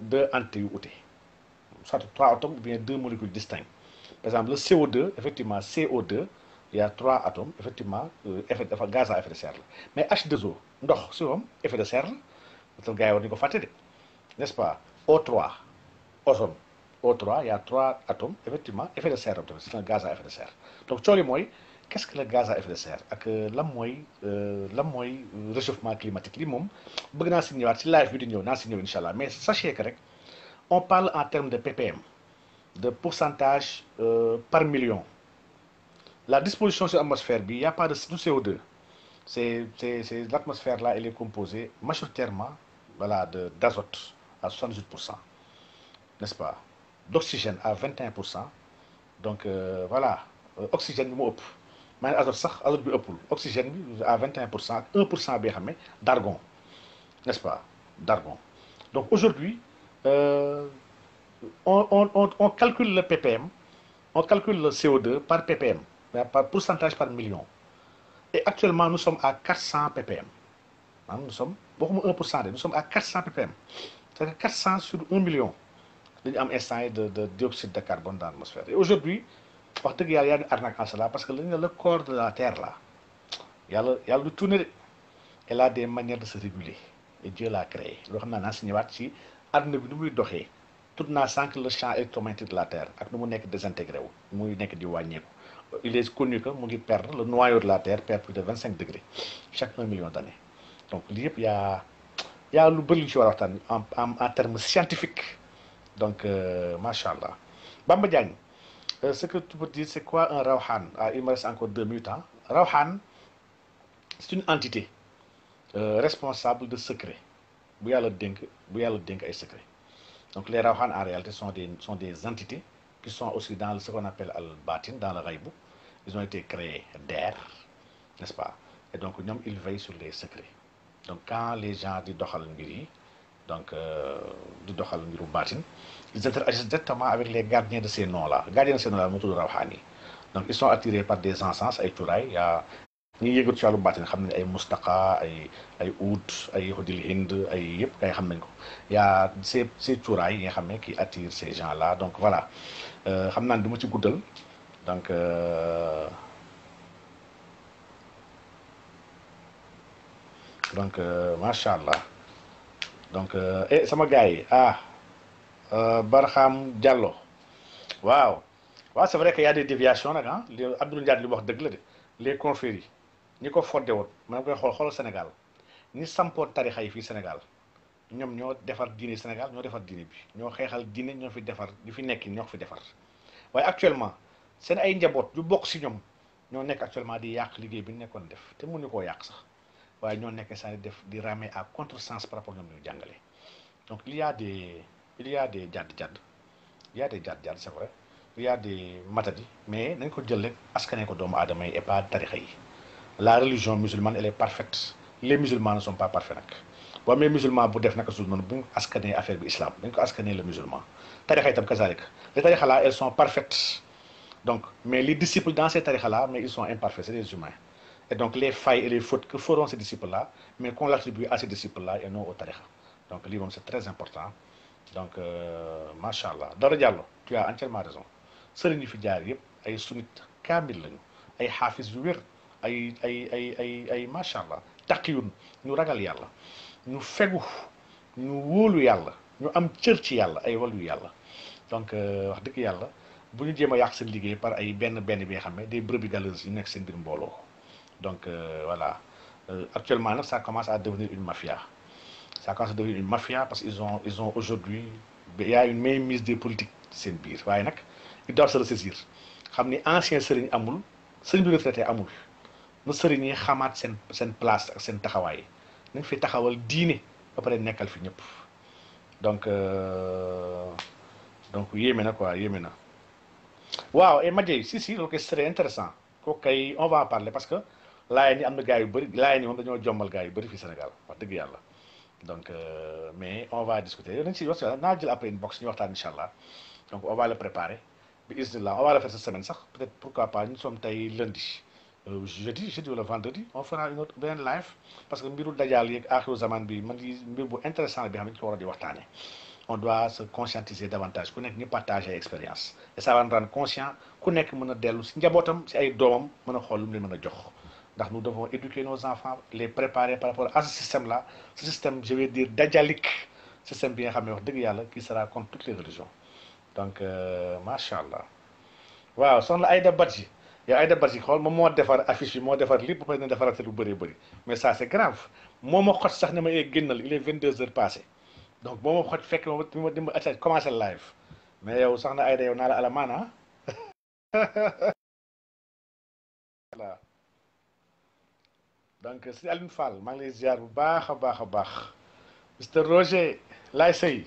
ut soit trois atomes ou bien deux molécules distinctes par exemple le CO2 effectivement CO2 il y a trois atomes effectivement euh, effet de gaz à effet de serre mais H2O donc si moom effet de serre c'est un que gars qui war nañu n'est-ce pas O3 ozone O3 il y a trois atomes effectivement effet de serre c'est un gaz à effet de serre donc tu vois, qu'est-ce que le gaz à effet de serre ak euh, euh, euh réchauffement climatique li moom bëgg naa si si live bi di ñëw naa mais sachez que on parle en termes de ppm de pourcentage par million. La disposition sur l'atmosphère, il n'y a pas de CO2. C'est l'atmosphère là, elle est composée majoritairement voilà, d'azote à 78%, n'est-ce pas D'oxygène à 21%. Donc euh, voilà, euh, oxygène Mais est oxygène à 21 1 à d'argon n'est-ce pas d'argon donc aujourd'hui euh, on calcule le ppm on calcule le CO2 par ppm par pourcentage par million. Et actuellement, nous sommes à 400 ppm. Ah, nous sommes, beaucoup 1%, nous sommes à 400 ppm. cest à 400 sur 1 million de, de dioxyde de carbone dans l'atmosphère. Et aujourd'hui, il y a une cela parce que le corps de la Terre, là, il y a le, tourner, elle a des manières de se réguler. Et Dieu l'a créé. Nous avons enseigné que nous avons tout le champ électromagnétique de la Terre, nous sommes désintégrés, nous sommes désintégrés il est connu que mon le noyau de la terre perd plus de 25 degrés chaque 1 million d'années. donc il y a il y a lu en en en donc euh, Masha'Allah. Bamba Diagne euh, ce que tu peux dire c'est quoi un Rauhan ah, il me reste encore deux minutes hein. Rauhan, c'est c'est une entité euh, responsable de secrets. bu yàlla dénk bu le dénk ay secret donc les Rauhan, en réalité sont des sont des entités qui sont aussi dans ce qu'on appelle al-batin, dans le raïbou. Ils ont été créés d'air, n'est-ce pas Et donc, ils veillent sur les secrets. Donc, quand les gens disent donc euh, du doxal ou batin, ils interagissent directement avec les gardiens de ces noms là gardiens de ces noms là Moutou Rawhani. donc ils sont attirés par des encens ay Il y a ñi yëngu ci wàllu baatin xam ne ay mustaqa ay ay oud ay hodil hind ay yëpp kay xam nañ ko yaa yi nga xam ne qui attire ces gens là donc voilà euh, xam naa ne du ma ci guddal donc euh, donc euh, macha allah donc eh sama gars yi ah Barham Diallo waaw waaw c'est vrai que y a des déviations nag ah li li wax dëgg de les confréries ñi ko fodde woon maanaam koy xool xoolal Sénégal ñi sampoo tarixa yi fii Sénégal ñoom ñoo defar diine Sénégal ñoo defar diine bi ñoo xeexal diine ñoo fi defar ñu fi nekk ñoo fi defar waaye actuellement seen ay njaboot yu bokk si ñoom ñoo nekk actuellement di yàq liggéey bi nekkoon def te nu koo yàq sax waaye ñoo nekk saa di def di ramer à contresens par rapport ñoom ñu jàngale donc il y a des il y a des il y a des jadd-jadd c'est vrai il y a des mais nañ ko jël askanee ko doomu aadama yi et pas yi la religion musulmane elle est parfaite les musulmans ne sont pas parfaits nag boo musulmans, musulman bu def nak suuf noonu bu ñu affaire bi islam dañ ko askane le musulman tarixa itam les tarixa là elles sont parfaites donc mais les disciples dans ces tarixa là mais ils sont imparfaits c'est des humains et donc les failles et les fautes que feront ces disciples là mais qu'on l'attribue à ces disciples là et non au tarixa donc livre c'est très important donc euh, machallah tu as entièrement raison Serigne fi diar yëpp ay sunnit kaamil lañu ay hafiz wir ay ay ay ay ay machallah allah ñu ragal yalla ñu fegu ñu wolu yalla ñu am cër ci yalla ay walu yalla donc euh, wax dëgg yalla bu ñu jéem a seen par ay benn benn bi nga xam ne des brebis galeuses yu nekk seen bir mbolo donc euh, voilà euh, actuellement nak ça commence à devenir une mafia ça commence à devenir une mafia parce qu'ils ont ils ont aujourd'hui il y a une mise des politiques seen biir waaye nak il doit se ressaisir xam ni ancien sëriñ amul sëriñ bi retraité amul nous serions yi sen sen place ak seen taxawaay nañ fi taxawal diine ba pare nekkal fi ñëpp donc euh, donc oui na quoi yéeme na waaw et si si loolu kay c'est intéressant kooku kay on va en parler parce que laayeen ñi a na gars yu bëri laayeen ñi moom dañoo jommal gars yu bëri fii Sénégal wax dëgg yàlla donc euh, mais on va discuter yow nañ si wax n'a jël après une box ñu waxtaan incha donc on va le préparer bi on va le faire cette semaine sax peut-être pourquoi pas ñu sommes tey lundi jeudi jeudi le vendredi on fera une autre beneen live parce que mbiru dajaal yeeg aaxiru zaman bi man di mbir bu intéressant bi xam ko wara di waxtaane on doit se conscientiser davantage ku nek ñu partager expérience et ça va rendre conscient ku nek mën delu ci si ci ay domam mën xol lu mu leen mën jox ndax nous devons éduquer nos enfants les préparer par rapport à ce système là ce système je vais dire dajalique système bi nga xam wax deug Yalla qui sera contre toutes les religions donc euh, machallah. waaw soxna Aïda Badji yaa Aïda Barchi xool moom moo defar affiche yi moo defar lépp ba pare na defaraat lu bëree bëri mais ça c' grave moo ma xot sax ne ma yee eh, génnal il est 22 heures passé donc moo ma xot fekk ma ma ma atta commencé live mais yow sax na Aïda yow naa alamaana ah. donc si Alioune Fall maa ngi lay ziar bu baax a baax a baax Mister Roger laay sëy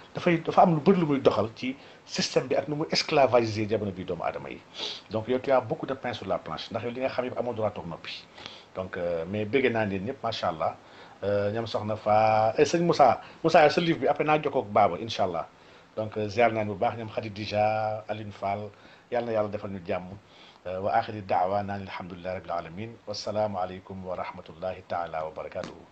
dafay dafa am lu bëri lu muy doxal ci système bi ak nu muy esclavagiser jamono bii doomu aadama yi donc yow tu as beaucoup de pain sur la planche ndax yow li nga xam yëpp amoo droit toog noppi donc mais bëggee naa leen ñëpp macha allah ñoom soxna fa sëñ Moussa Moussa sa livre bi après naa jokkoo ak Baaba incha allah donc ziar naa bu baax ñoom Khady Dija Aline Fall yàlla na yàlla defal ñu jàmm wa axiri daawa naan alhamdulilah rabil alamin wasalaamualeykum wa rahmatullahi taala wa barakatuhu